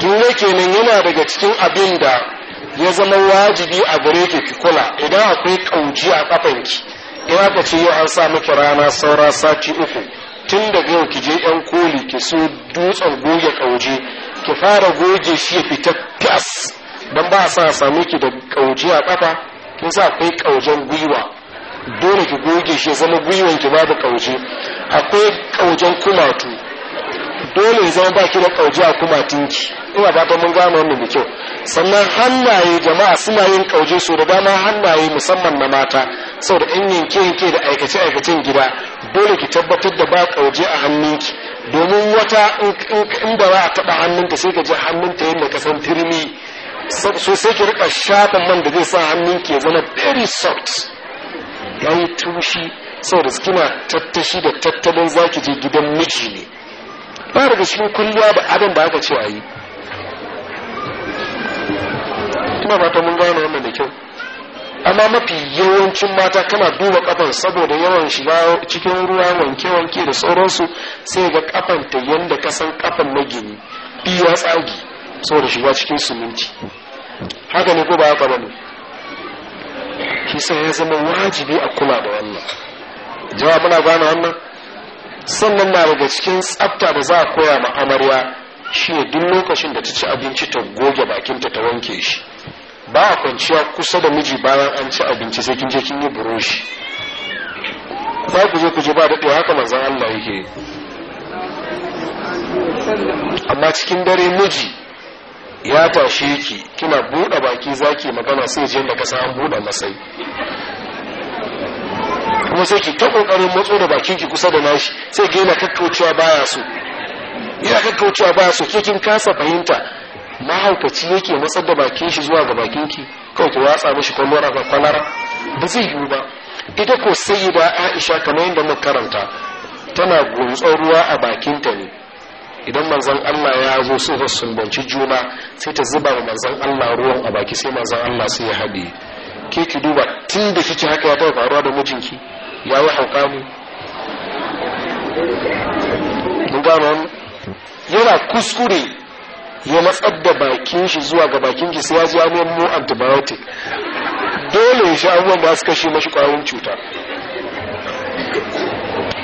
A: yi ba kenan yana daga cikin abin da ya zama wajibi a gare ki ki kula idan akwai kauji a kafanki in aka ce yau an sa miki rana saura sati uku tun daga yau ki je yan koli ki so dutsen goge kauje ki fara goge shi ya fita fas don ba sa samu ki da kauji a kafa kin sa akwai kaujen gwiwa dole ki goge shi ya zama gwiwan ki babu kauje akwai kaujen kumatu dole ya zama ba baki da kauji a kuma tinki ina fatan mun gano wannan da kyau sannan hannaye jama'a suna yin kauje su da dama hannaye musamman na mata saboda in yanke yanke da aikace aikacen gida dole ki tabbatar da ba kauje a hannunki domin wata in ba za a taba hannunta sai ka ji hannunta yadda ka san turmi so sai ki rika shafa man da zai sa hannunki ya zama very soft Ya yi tushi saboda kina tattashi da tattalin zaki je gidan miji ne ba da cikin kulliya abin da aka ce a yi ina fata mun gano wannan da kyau amma mafi yawancin mata kana duba kafan saboda yawan shiga cikin ruwa wanke-wanke da sauransu sai ga kafan ta yanda ka san kafan gini biya tsagi saboda shiga cikin suminti haka ne ko ba haka bane shi sai ya zama wajibi a kula da wannan jama'a muna gane wannan sannan na daga cikin tsafta da za a koya ma amarya ne duk lokacin da ta ci abinci ta goge bakinta ta wanke shi ba a kwanciya kusa da miji bayan an ci abinci sai kin je kin yi buroshi za ku je ku je ba daɗewa haka manzan Allah yake amma cikin dare miji ya tashe ki kina buɗe baki zaki magana sai je da kasa an buɗe masai kuma sai ki ta kokarin motso da bakin ki kusa da nashi sai ki yana kakkaucewa baya so yana kakkaucewa baya so ke kin kasa fahimta mahaukaci yake matsar da bakin shi zuwa ga bakin ki kawai ki watsa mishi kwalara ga kwalara ba zai yiwu ba ita ko ba Aisha kamar yadda muka karanta tana guntsar ruwa a bakin ta ne idan manzon Allah ya zo su ga sunbanci juna sai ta zuba wa manzon Allah ruwan a baki sai manzon Allah sai ya haɗe ke ki duba tun da kike haka ya taɓa faruwa da mijinki ya wa qaamu mun yana kuskure ya matsar da bakin shi zuwa ga bakin shi sai ya zo mu mu antibiotic dole ya sha abubuwan ba shi kashe mashi kwayoyin cuta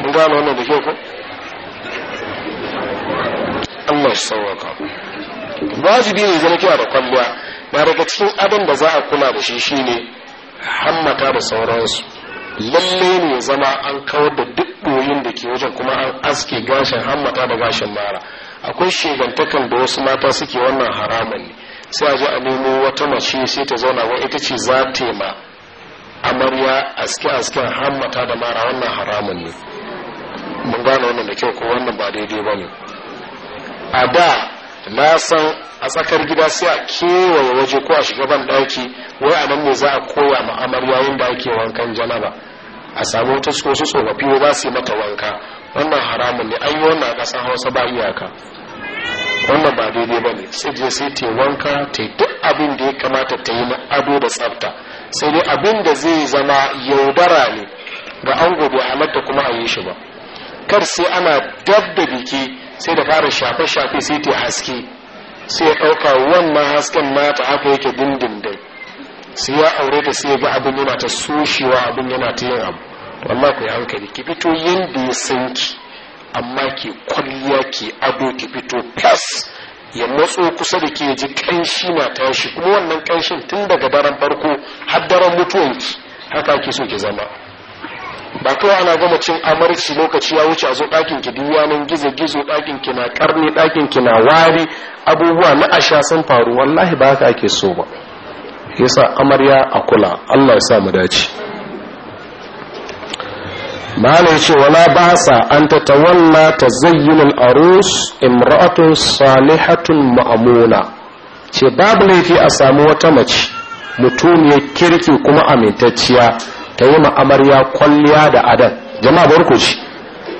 A: mun gano wannan da kyau ko Allah sauwaka wajibi ne zama kina da kwalliya ba daga cikin abin da za a kula da shi shine hammata da sauransu lalle ne ya zama an kawar da duk ɓoyin da ke wajen kuma an aske gashin hammata da gashin mara akwai shegantakan da wasu mata suke wannan haramun ne sai a ji a nemo wata mace sai ta zauna wai ita ce za ta ma amarya aske asken hammata da mara wannan haramun ne mun gane wannan da kyau ko wannan ba daidai ba ne a da na san a tsakar gida sai a kewaye waje ko a shiga ban ɗaki wai a nan ne za a koya ma amarya da ake wankan janaba a samu wata wasu tsofaffi ba su yi mata wanka wannan haramun ne an yi wannan a hausa ba iyaka wannan ba daidai ba ne sai je sai ta wanka ta duk abin da ya kamata ta yi na ado da tsafta sai dai abin da zai zama yaudara ne ga ango bai halatta kuma a yi shi ba kar sai ana dab da biki sai da fara shafe-shafe sai ta haske sai ya ɗauka wannan hasken mata haka yake dindindin sai ya aure da sai ya ga abin yana ta soshewa abin yana ta yin abu amma ku yi hankali ki fito yadda ya san ki amma ki kwalliya ki ado ki fito fas ya matso kusa da ke ji kanshi na tashi kuma wannan kanshin tun daga daren farko har daren mutuwanci, haka ki so ki zama ba kawai ana gama cin amarci lokaci ya wuce a zo ɗakin ki duwanin gizo gizo ɗakin ki na karni ɗakin ki na wari abubuwa na asha sun faru wallahi ba haka ake so ba yasa amarya a kula Allah ya sa mu dace malai ce wala basa an ta tatawalla tazayyinul arus imra'atun salihatun ma'amuna ce babu laifi a samu wata mace mutumiyar kirki kuma amintacciya ta yi amarya kwalliya da adam jama'a barku ci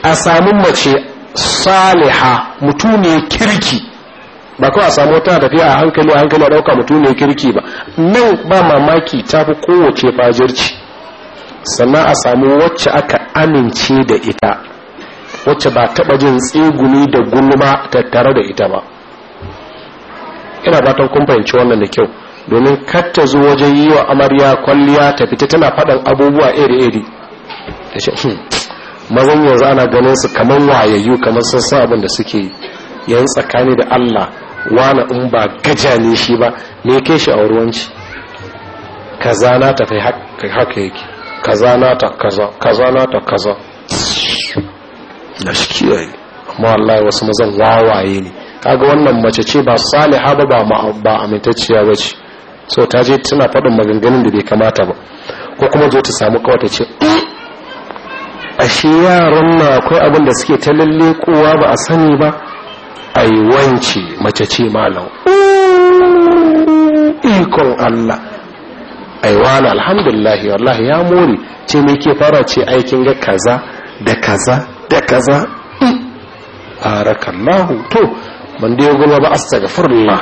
A: a samun mace saliha mutumiyar kirki ba kawai a samu wata tafiya a hankali a hankali a ɗauka mutum ne kirki ba nan ba mamaki ta fi kowace fajirci sannan a samu wacce aka amince da ita wacce ba taɓa jin tsegumi da gulma tattare da ita ba ina batan kun fahimci wannan da kyau domin kar ta zo wajen yi wa amarya kwalliya ta fita tana faɗan abubuwa iri-iri hmm, mazan yanzu ana ganin su kamar wayayyu kamar sun abinda abin da suke yi yan tsakani da Allah wani in ba gaja ne shi ba me ke shi a ruwanci kaza na ta haka yake kaza na ta kaza kaza na ta kaza da shi kiyaye amma wallahi wasu mazan wawaye ne kaga wannan mace ce ba saliha ba ba amintacciya ba ce so ta je tana faɗin maganganun da bai kamata ba ko kuma zo ta samu kawai ce mm, ashe yaran na akwai abin da suke ta lalle kowa ba a sani ba ai wance mace ce malam ikon Allah ai wani alhamdulillahi wallahi ya mori ce mai ke fara ce aikin ga kaza da kaza da kaza hmm. barakallahu to ban ya gulma ba furla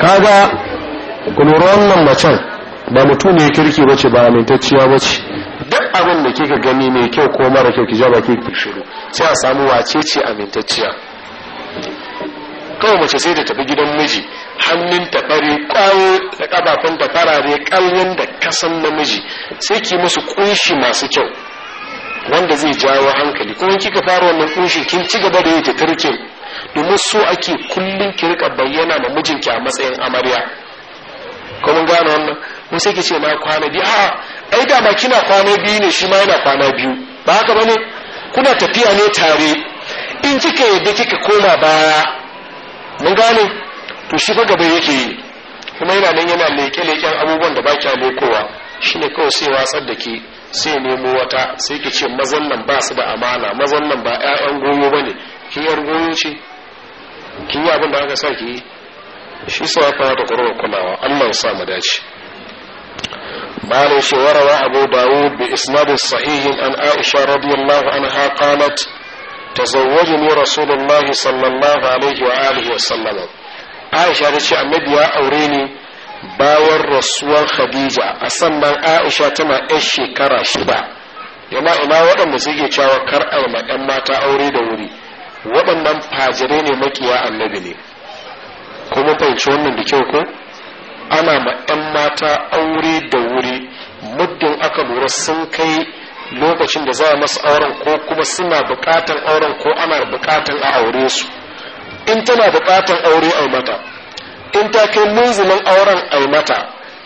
A: kaga kulura wannan macen ba mutum ne kirki bace ba amintacciya bace abin da kika gani mai kyau ko mara kyau ki ja baki ki shiru sai a samu wace ce amintacciya kawai mace sai ta tafi gidan miji hannun ta bare kwayo da kafafun ta farare kallon da kasan namiji sai ki musu kunshi masu kyau wanda zai jawo hankali kuma kika fara wannan kunshi kin ci gaba da yake tarkin domin so ake kullum ki rika bayyana da mijinki a matsayin amarya kuma gane wannan ko sai ki ce na kwana biyu a'a ai da ma kina kwana biyu ne shi ma yana kwana biyu ba haka bane kuna tafiya ne tare in kika yadda kika koma baya mun gane to shi fa gaba yake yi kuma yana nan yana leke-leken abubuwan da baki lekowa shine kawai sai watsar da ke sai nemo wata sai ki ce mazan nan ba su da amana mazan nan ba 'ya'yan goyo ba ne kin yar goyo ce kin yi abin da aka sa ki yi shi sa ya fara da ƙwararwa kulawa allah ya sa mu dace bayan shi abu dawo bi isnadin sahihin an aisha radiyallahu ha kamat ta ne rasulullahi aisha ta ce amadu ya aure ni bayan rasuwar khadija a sannan aisha tana yan shekara shida yana ina waɗanda suke cewa kar alma ɗan mata aure da wuri waɗannan fajirai ne makiya annabi ne kuma fahimci wannan da kyau ko ana ma 'yan mata aure da wuri muddin aka lura sun kai lokacin da za a masu auren ko kuma suna bukatan auren ko ana bukatan a aure su in tana bukatan aure a mata in ta kai munzumin auren a mata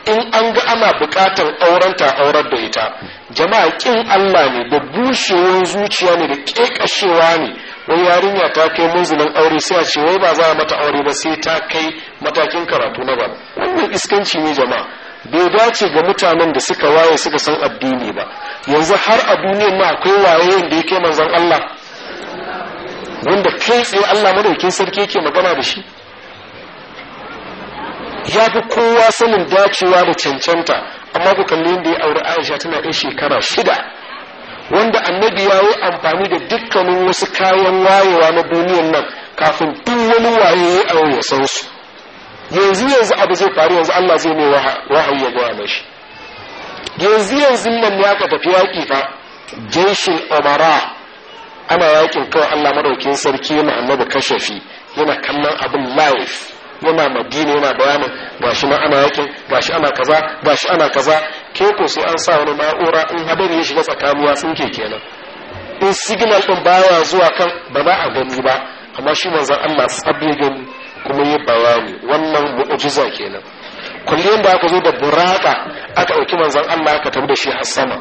A: in an ga ana bukatan auren ta aurar da ita jama'a kin Allah ne da bushewar zuciya ne da kekashewa ne wai yarinya ta kai munzulin aure sai a ce wai ba za a mata aure ba sai ta kai matakin karatu na ba wannan iskanci ne jama'a bai dace ga mutanen da suka waye suka san addini ba yanzu har a duniyar ma akwai waye da kai manzon Allah wanda kai tsaye Allah madaukin sarki yake magana da shi ya fi kowa sanin dacewa da cancanta amma ku kalli yadda ya aure Aisha tana ɗan shekara shida wanda annabi ya yi amfani da dukkanin wasu kayan wayewa na duniyan nan kafin duk wani waye ya aure ya san su yanzu yanzu abu zai faru yanzu Allah zai mai wahayi ya gaya mashi yanzu yanzu nan ya ka tafi yaƙi fa jeshin umara ana yaƙin kawai Allah madaukin sarki yana annabi kashafi yana kallon abin live yana madina yana bayanin shi ma ana yakin shi ana kaza shi ana kaza ke ko sai an sa wani na'ura in hadari ya shiga tsakanin sun ke kenan in signal din baya zuwa kan ba za a gani ba amma shi manzon Allah sabbi gani kuma yi bayani wannan mu'jiza kenan kullum da aka zo da buraka aka ɗauki manzon Allah aka tafi shi har sama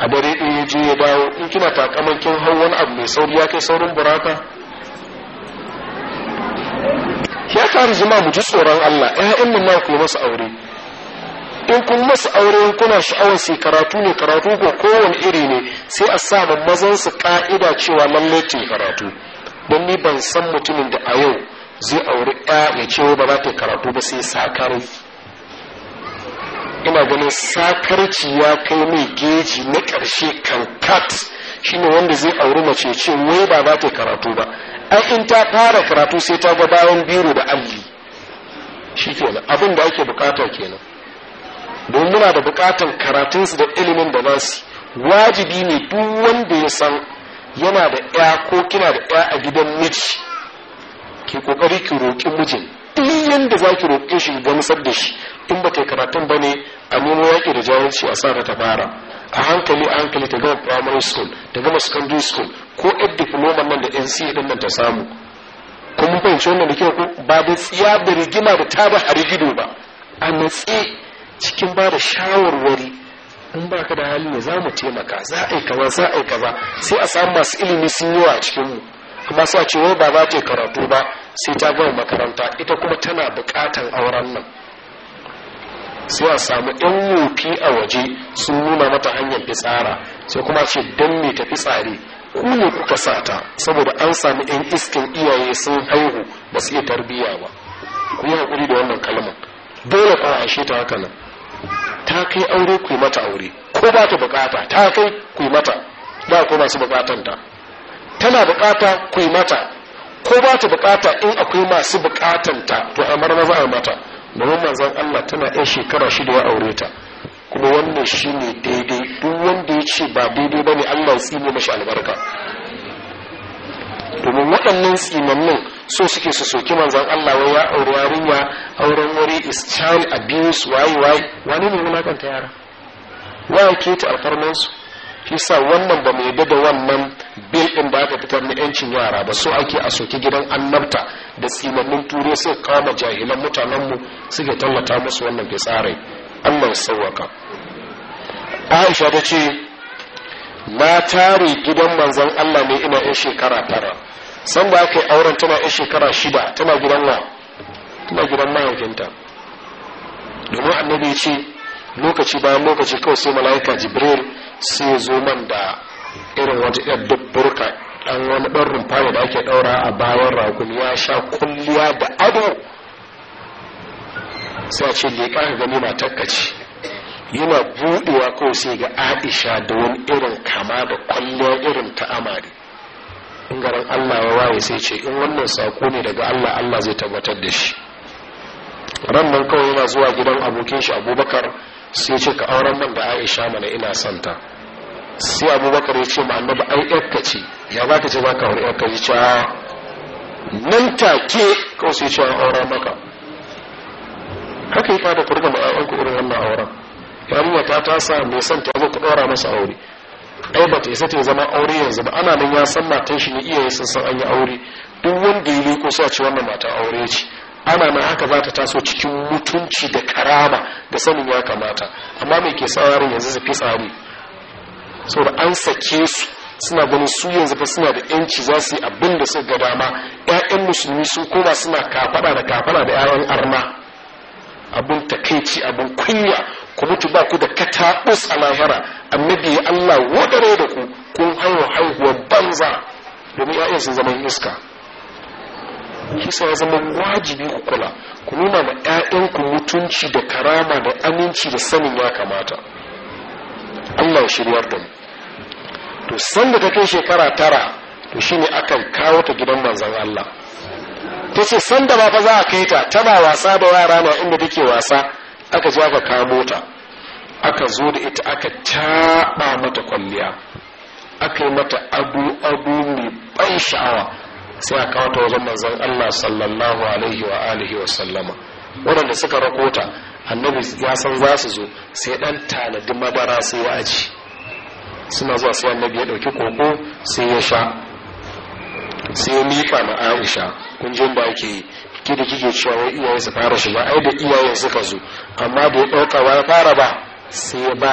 A: a dare ɗaya je ya dawo in kina takaman kin hau wani abu mai sauri ya kai saurin buraka ya faru zama mu ji tsoron Allah yayan mu ma ku masu aure in kun masu aure kuna sha'awar sai karatu ne karatu ko kowane iri ne sai a sa mazan su ka'ida cewa lallai karatu don ni ban san mutumin da a yau zai aure ya ce ba za ta karatu ba sai sakar ina ganin sakarci ya kai mai geji na ƙarshe kankat shine wanda zai auri mace ce wai ba za ta karatu ba ai in ta fara karatu sai ta ga bayan biro da alli shi kenan abin da ake bukata kenan don muna da bukatan karatunsu da ilimin da nasi wajibi ne duk wanda ya san yana da ya ko kina da ya a gidan miji ke kokari ki roƙi mijin duk yanda za ki roƙe shi gamsar da shi in ba karatun ba ne a nuna yaƙi da jawanci a sa ta fara a hankali a hankali ta gama primary school ta gama secondary school ko yan diploma nan da nc din nan ta samu kuma fahimci wannan da kyau ko ba da tsiya da rigima da ta hari rigido ba a matse cikin ba da shawarwari in ba ka da hali ne za mu taimaka za a yi kaza za a yi kaza sai a samu masu ilimi sun yi a cikin mu amma sa ce wai ba za ta karatu ba sai ta gama makaranta ita kuma tana bukatan auren nan sai a samu yan wofi a waje sun nuna mata hanyar fitsara sai kuma ce don me tafi tsare ku ne kuka sata saboda an samu yan iskin iyaye sun haihu ba su iya tarbiyya ba ku yi hakuri da wannan kalmar dole fa a ta haka nan ta kai aure ku mata aure ko ba ta bukata ta kai ku mata ba ko masu bukatan ta tana bukata ku mata ko ba ta bukata in akwai masu bukatan ta to amar maza a mata domin manzon Allah tana yan shekara shida ya aure ta kuma wannan shi ne daidai duk wanda ya ce ba daidai ba ne Allah ya tsine mashi albarka domin waɗannan tsinannin so suke su soki manzan Allah wai ya auri yarinya auren wuri is child abuse waye wani ne wulakanta yara wa ke ta alfarmansu shi sa wannan ba mu yadda da wannan bil din da aka fitar na yancin yara ba so ake a soki gidan annabta da tsinannin turai sai kama jahilan mutanenmu mu suke tallata musu wannan fitsarai Allah sauwaka Aisha ta ce na tare gidan manzon Allah ne ina yan shekara tara san ba yi auren tana yan shekara shida tana gidan na tana gidan mahaifinta domin annabi ce lokaci bayan lokaci kawai sai mala'ika jibril sai zo man da irin wata ɗan dubburka ɗan wani ɗan rumfa da ake ɗaura a bayan ragun ya sha kulliya da ado sai ce da ya gani na takkaci yana buɗewa ko sai ga aisha da wani irin kama da kwalliya irin ta amari in garin allah ya waye sai ce in wannan sako ne daga allah allah zai tabbatar da shi ran nan kawai yana zuwa gidan abokin shi abubakar sai ce ka auren man da aisha mana ina santa sai abubakar ya ce ma ba ai yarka ce ya ba ka ce ba ka wani yarka ya ce ah. nan take kawai sai ce an auren maka haka yi fada kurga ma'a'an ku irin wannan auren ya nuna ta sa mai son ta zai ku ɗora masa aure ai ba ta isa ta zama aure yanzu ba ana nan ya san matan shi ne iya sun san an yi aure duk wanda ya liko sa ce wannan mata aure ce ana nan haka za ta taso cikin mutunci da karama da sanin ya kamata amma mai ke tsarin yanzu zafi tsari tsari saboda an sake su suna ganin su yanzu fa suna da yanci za su yi abin da suka ga dama ƴaƴan musulmi su koma suna kafada da kafada da ƴaƴan arma. abin takaici abin kunya ku mutu ba ku da kataɓus a lahira annabi Allah wadare da ku kun haihu haihuwar banza domin ƴaƴan sun zama iska kisa ya zama wajibi ku kula ku nuna ma 'ya'yanku mutunci da karama da aminci da sanin ya kamata Allah ya shiryar da mu to sanda ta kai shekara tara to shine aka kawo ta gidan manzon Allah ta ce sanda ba fa za a kai ta tana wasa da yara na inda take wasa aka zo aka kamo ta aka zo da ita aka taɓa mata kwalliya aka yi mata abu abu mai ban sha'awa sai a kawata wajen manzon Allah sallallahu alaihi wa alihi wa sallama waɗanda suka rakota annabi ya san za su zo sai ɗan tanadi madara sai ya aji suna zuwa sai annabi ya ɗauki koko sai ya sha sai ya miƙa na aisha kun jin da ake yi ki da kike cewa wai iyaye su fara shiga ai da iyayen suka zo amma bai ɗauka ba ya fara ba sai ya ba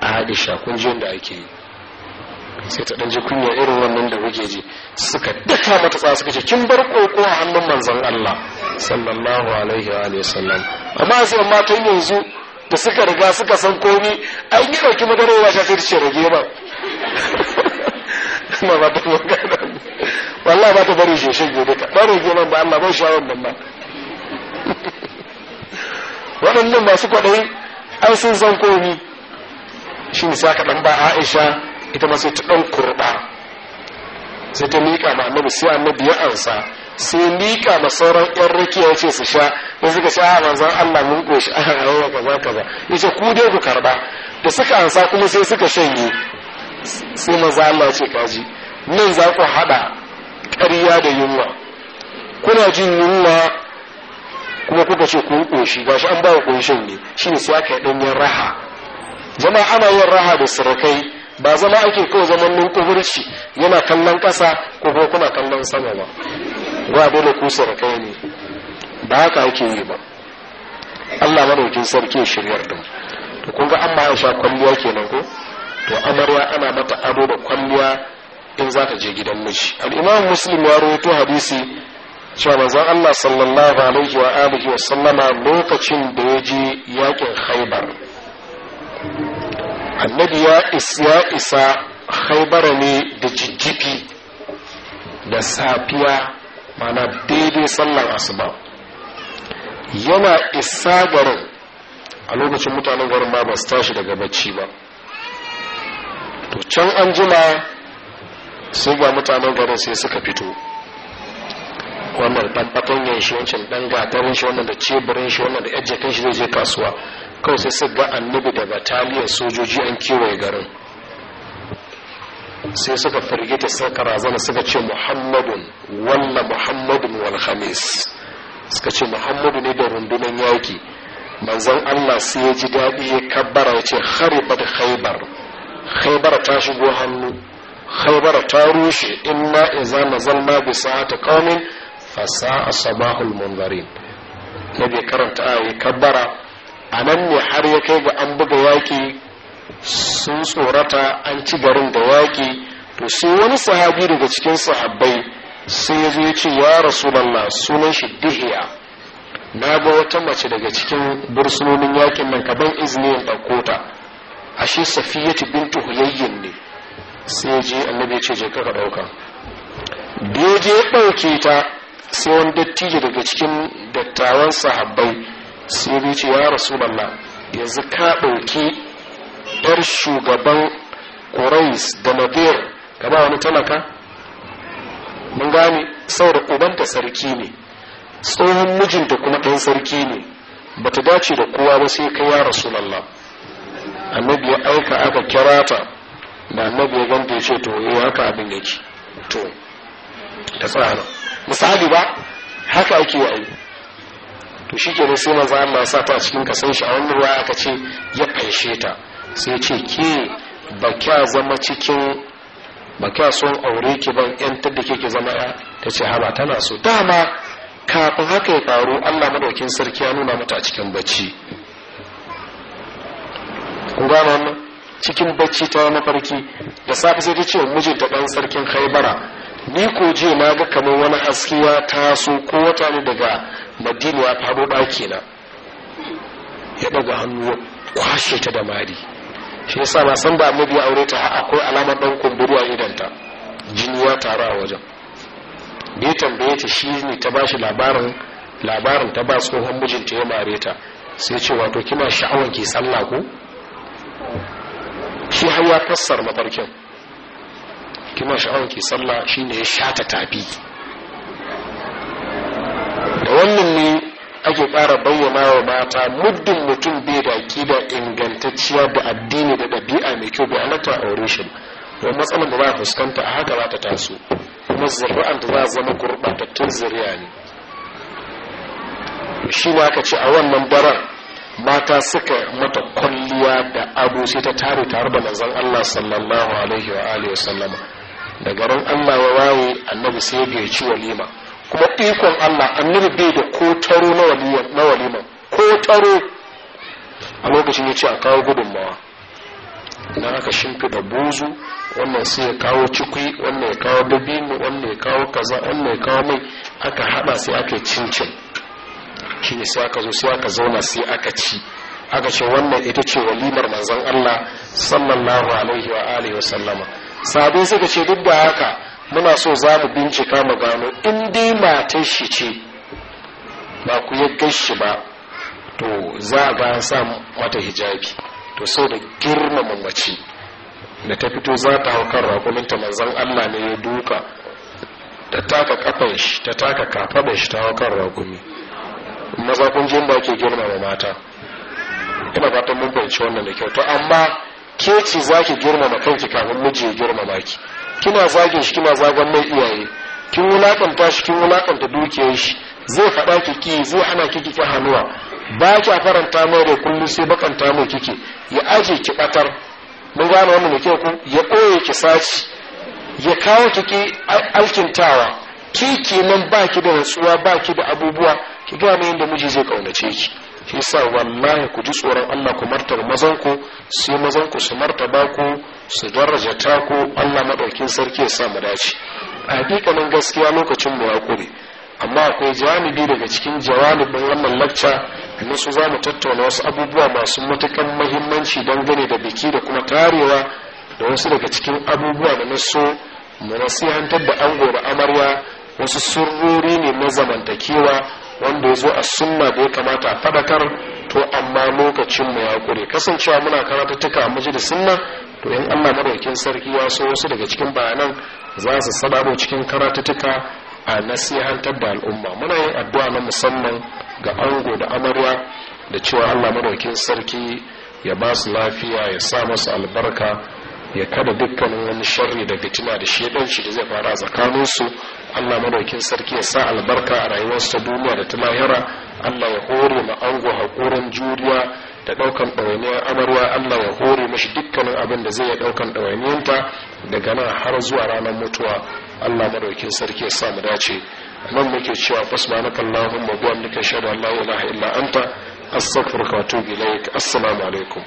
A: aisha kun jin da ake yi sai ta ɗan ji kunya irin wannan da kuke ji suka daka mata tsaya suka ce kin bar koko a hannun manzon Allah sallallahu alaihi wa alihi wasallam amma sai matan yanzu da suka riga suka san komi a yi dauki magarewa ta sai ce rage ba ma ba ta magana wallahi ba ta bari shi shi gobe ka bari gobe ba Allah ba shawar ban ba waɗannan masu kwaɗayi an sun san komi shi ne sa ka ɗan ba Aisha ita ma sai ta ɗan kurɓa sai ta miƙa ma annabi sai annabi ya ansa sai miƙa ma sauran ƴan rakiya ce su sha da suka sha a manzan Allah mun ƙoshi a hawa kaza kaza ya ku dai ku karɓa da suka ansa kuma sai suka shanye sai manzo Allah ce kaji nan za ku haɗa ƙarya da yunwa kuna jin yunwa kuma kuka ce ku ƙoshi ba shi an ba ku ƙoshin ne shi sai aka yi ɗanyen raha jama'a ana yin raha da surukai ba zama ake kawai zaman mun kuburci yana kallon ƙasa ko kuma kuna kallon sama ba ba dole ku kai ne ba haka ake yi ba Allah madaukin sarki shiryar da to kun ga amma Aisha kwalliya kenan ko to amarya ana mata ado da kwalliya in za ta je gidan miji al-Imam Muslim ya rawaito hadisi cewa manzon Allah sallallahu alaihi wa alihi wa sallama lokacin da ya je yakin haibar? annabi ya isa isa haibara ne da jijjifi da safiya mana daidai sallar asuba yana isa garin a lokacin mutanen garin ba su tashi daga bacci ba to can an jima su ba mutanen garin sai suka fito wannan dan batanyen shi wancan dan gatarin shi wannan da ceburin shi wannan da kan shi zai je kasuwa kawai sai su ga annabi da bataliyar sojoji an kewaye garin sai suka firgita saka razana suka ce muhammadun walla muhammadun wal suka ce muhammadu ne da rundunan yaki manzon allah sai ya ji daɗi ya kabbara ya ce haribat khaibar khaibar ta shigo hannu khaibar ta rushe inna iza nazalna bisa ta qaumin fa sa'a sabahul munzirin nabi karanta ayi kabbara a nan ne har ya kai ga an buga yaƙi sun tsorata an ci garin da yaƙi to sai wani sahabi daga cikin sahabbai sai ya zo ya ce ya rasulallah sunan shi dihiya na ga wata mace daga cikin bursunonin yakin nan kaban izini in ɗauko ta ashe safiyatu bintu huyayyin ne sai ya je annabi ya ce je ka ɗauka da ya je ɗauke ta sai wani dattijo daga cikin dattawan sahabbai sai zai ce ya rasulallah yanzu ka ɗauki yar shugaban kurais da nadir ka ba wani talaka mun gane saboda ubanta sarki ne tsohon mijinta kuma ɗan sarki ne ba ta dace da kowa ba sai ka ya rasulallah annabi ya aika aka kira ta da annabi ya ganta ya ce to yi eh, haka abin yake to ta tsara misali ba haka ake yi to shi kenan sai manzo Allah sata sata cikin kasan shi a wani ruwa aka ce ya fanshe ta sai ya ce ke ba kya zama cikin ba kya son aure ki ban yantar da ke zama ya ta ce haba tana so dama kafin haka ya faru Allah madaukin sarki ya nuna mata a cikin bacci kun nan cikin bacci ta farki da safe sai ta ce mijinta dan sarkin haibara ni ko je na ga kamar wani aski ta so ko wata ne daga madini ya faɗo ɗaki na ya ɗaga hannu kwashe ta da mari shi yasa ba san ba annabi aure ta akwai alamar ɗan kumburu a idanta jini ya taru a wajen bai tambaye ta shi ne ta bashi labarin labarin ta ba tsohon mijinta ya mare ta sai ce wato kina sha'awar ke sallah ko shi har ya fassar mafarkin Kima sha'awar ki sallah ne ya sha ta tafi da wannan ne ake ƙara bayyana wa mata muddin mutum bai da aƙida ingantacciya da addini da ɗabi'a mai kyau bai halatta a aure shi to matsalar da za a fuskanta a haka za ta taso kuma zuri'an da za a zama gurɓatattun zuri'a ne shi ne aka ce a wannan daren mata suka mata kwalliya da abu sai ta tare tare da manzon Allah sallallahu alaihi wa alihi wa sallama daga ran Allah ya waye annabi sai ya ci walima kuma ikon Allah annabi bai da ko taro na waliyan na ko taro a lokacin ya ce a kawo gudunmawa idan aka shimfiɗa buzu wannan sai ya kawo cikwi wannan ya kawo dabino wannan ya kawo kaza wannan ya kawo mai aka haɗa sai aka cincin shi ne sai aka zo sai aka zauna sai aka ci aka ce wannan ita ce walimar manzon Allah sallallahu alaihi wa alihi wa sallama sabai suka ce duk da haka muna so za mu bincika mu gano in dai matar shi ce ba ku ya shi ba to za a ga sa mata hijabi to so da girmama mace da ta fito za ta hau kan rakuminta manzan Allah ne ya duka ta taka kafan shi ta taka da shi ta hau kan rakumi maza kun jin ba ke girmama mata ina fatan mun fahimci wannan da kyau to amma ke ce za ki girmama kanki kafin miji ya girmama ki kina zagin shi kina zagon mai iyaye kin wulakanta shi kin wulakanta dukiyar shi zai faɗa kiki zai hana kiki ki hannuwa ba ki faranta mai da kullum sai bakanta mai kike ya aje ki batar mun gano wannan ne ku ya ɓoye ki saci ya kawo kiki alkintawa kiki nan baki da natsuwa baki da abubuwa ki gane yadda miji zai kaunace ki shi sa wallahi ku ji tsoron Allah ku martaba mazanku sai mazanku su martaba ku su daraja ta ku Allah madaukin sarki ya sa mu dace a hakikanin gaskiya lokacin mu ya kure amma akwai jami'i daga cikin jawabin wannan lacca na su za mu tattauna wasu abubuwa masu matukan mahimmanci dangane da biki da kuma tarewa da wasu daga cikin abubuwa da na so mu nasihantar da ango da amarya wasu sirrori ne na zamantakewa wanda ya zo a sunna da ya kamata a fadakar to amma lokacin mu ya kure kasancewa muna tuka a majalisin sunna to in Allah madaukin sarki ya so wasu daga cikin bayanan za su sadabo cikin tuka a nasihantar da al'umma muna yin addu'a na musamman ga ango da amarya da cewa Allah madaukin sarki ya ba su lafiya ya sa masu albarka ya kada dukkanin wani sharri da fitina da shi da zai fara a tsakaninsu allah madaukin sarki ya sa albarka a rayuwarsu ta duniya da ta lahira allah ya hore ma ango haƙorin juriya da ɗaukan ɗawainiyar amarwa allah ya hore mashi dukkanin abin da zai ya ɗaukan ɗawainiyarta daga nan har zuwa ranar mutuwa allah madaukin sarki ya sa mu dace nan muke cewa fasmanaka allahumma bihamdika shada la ilaha illa anta astaghfiruka wa atubu ilaik assalamu alaikum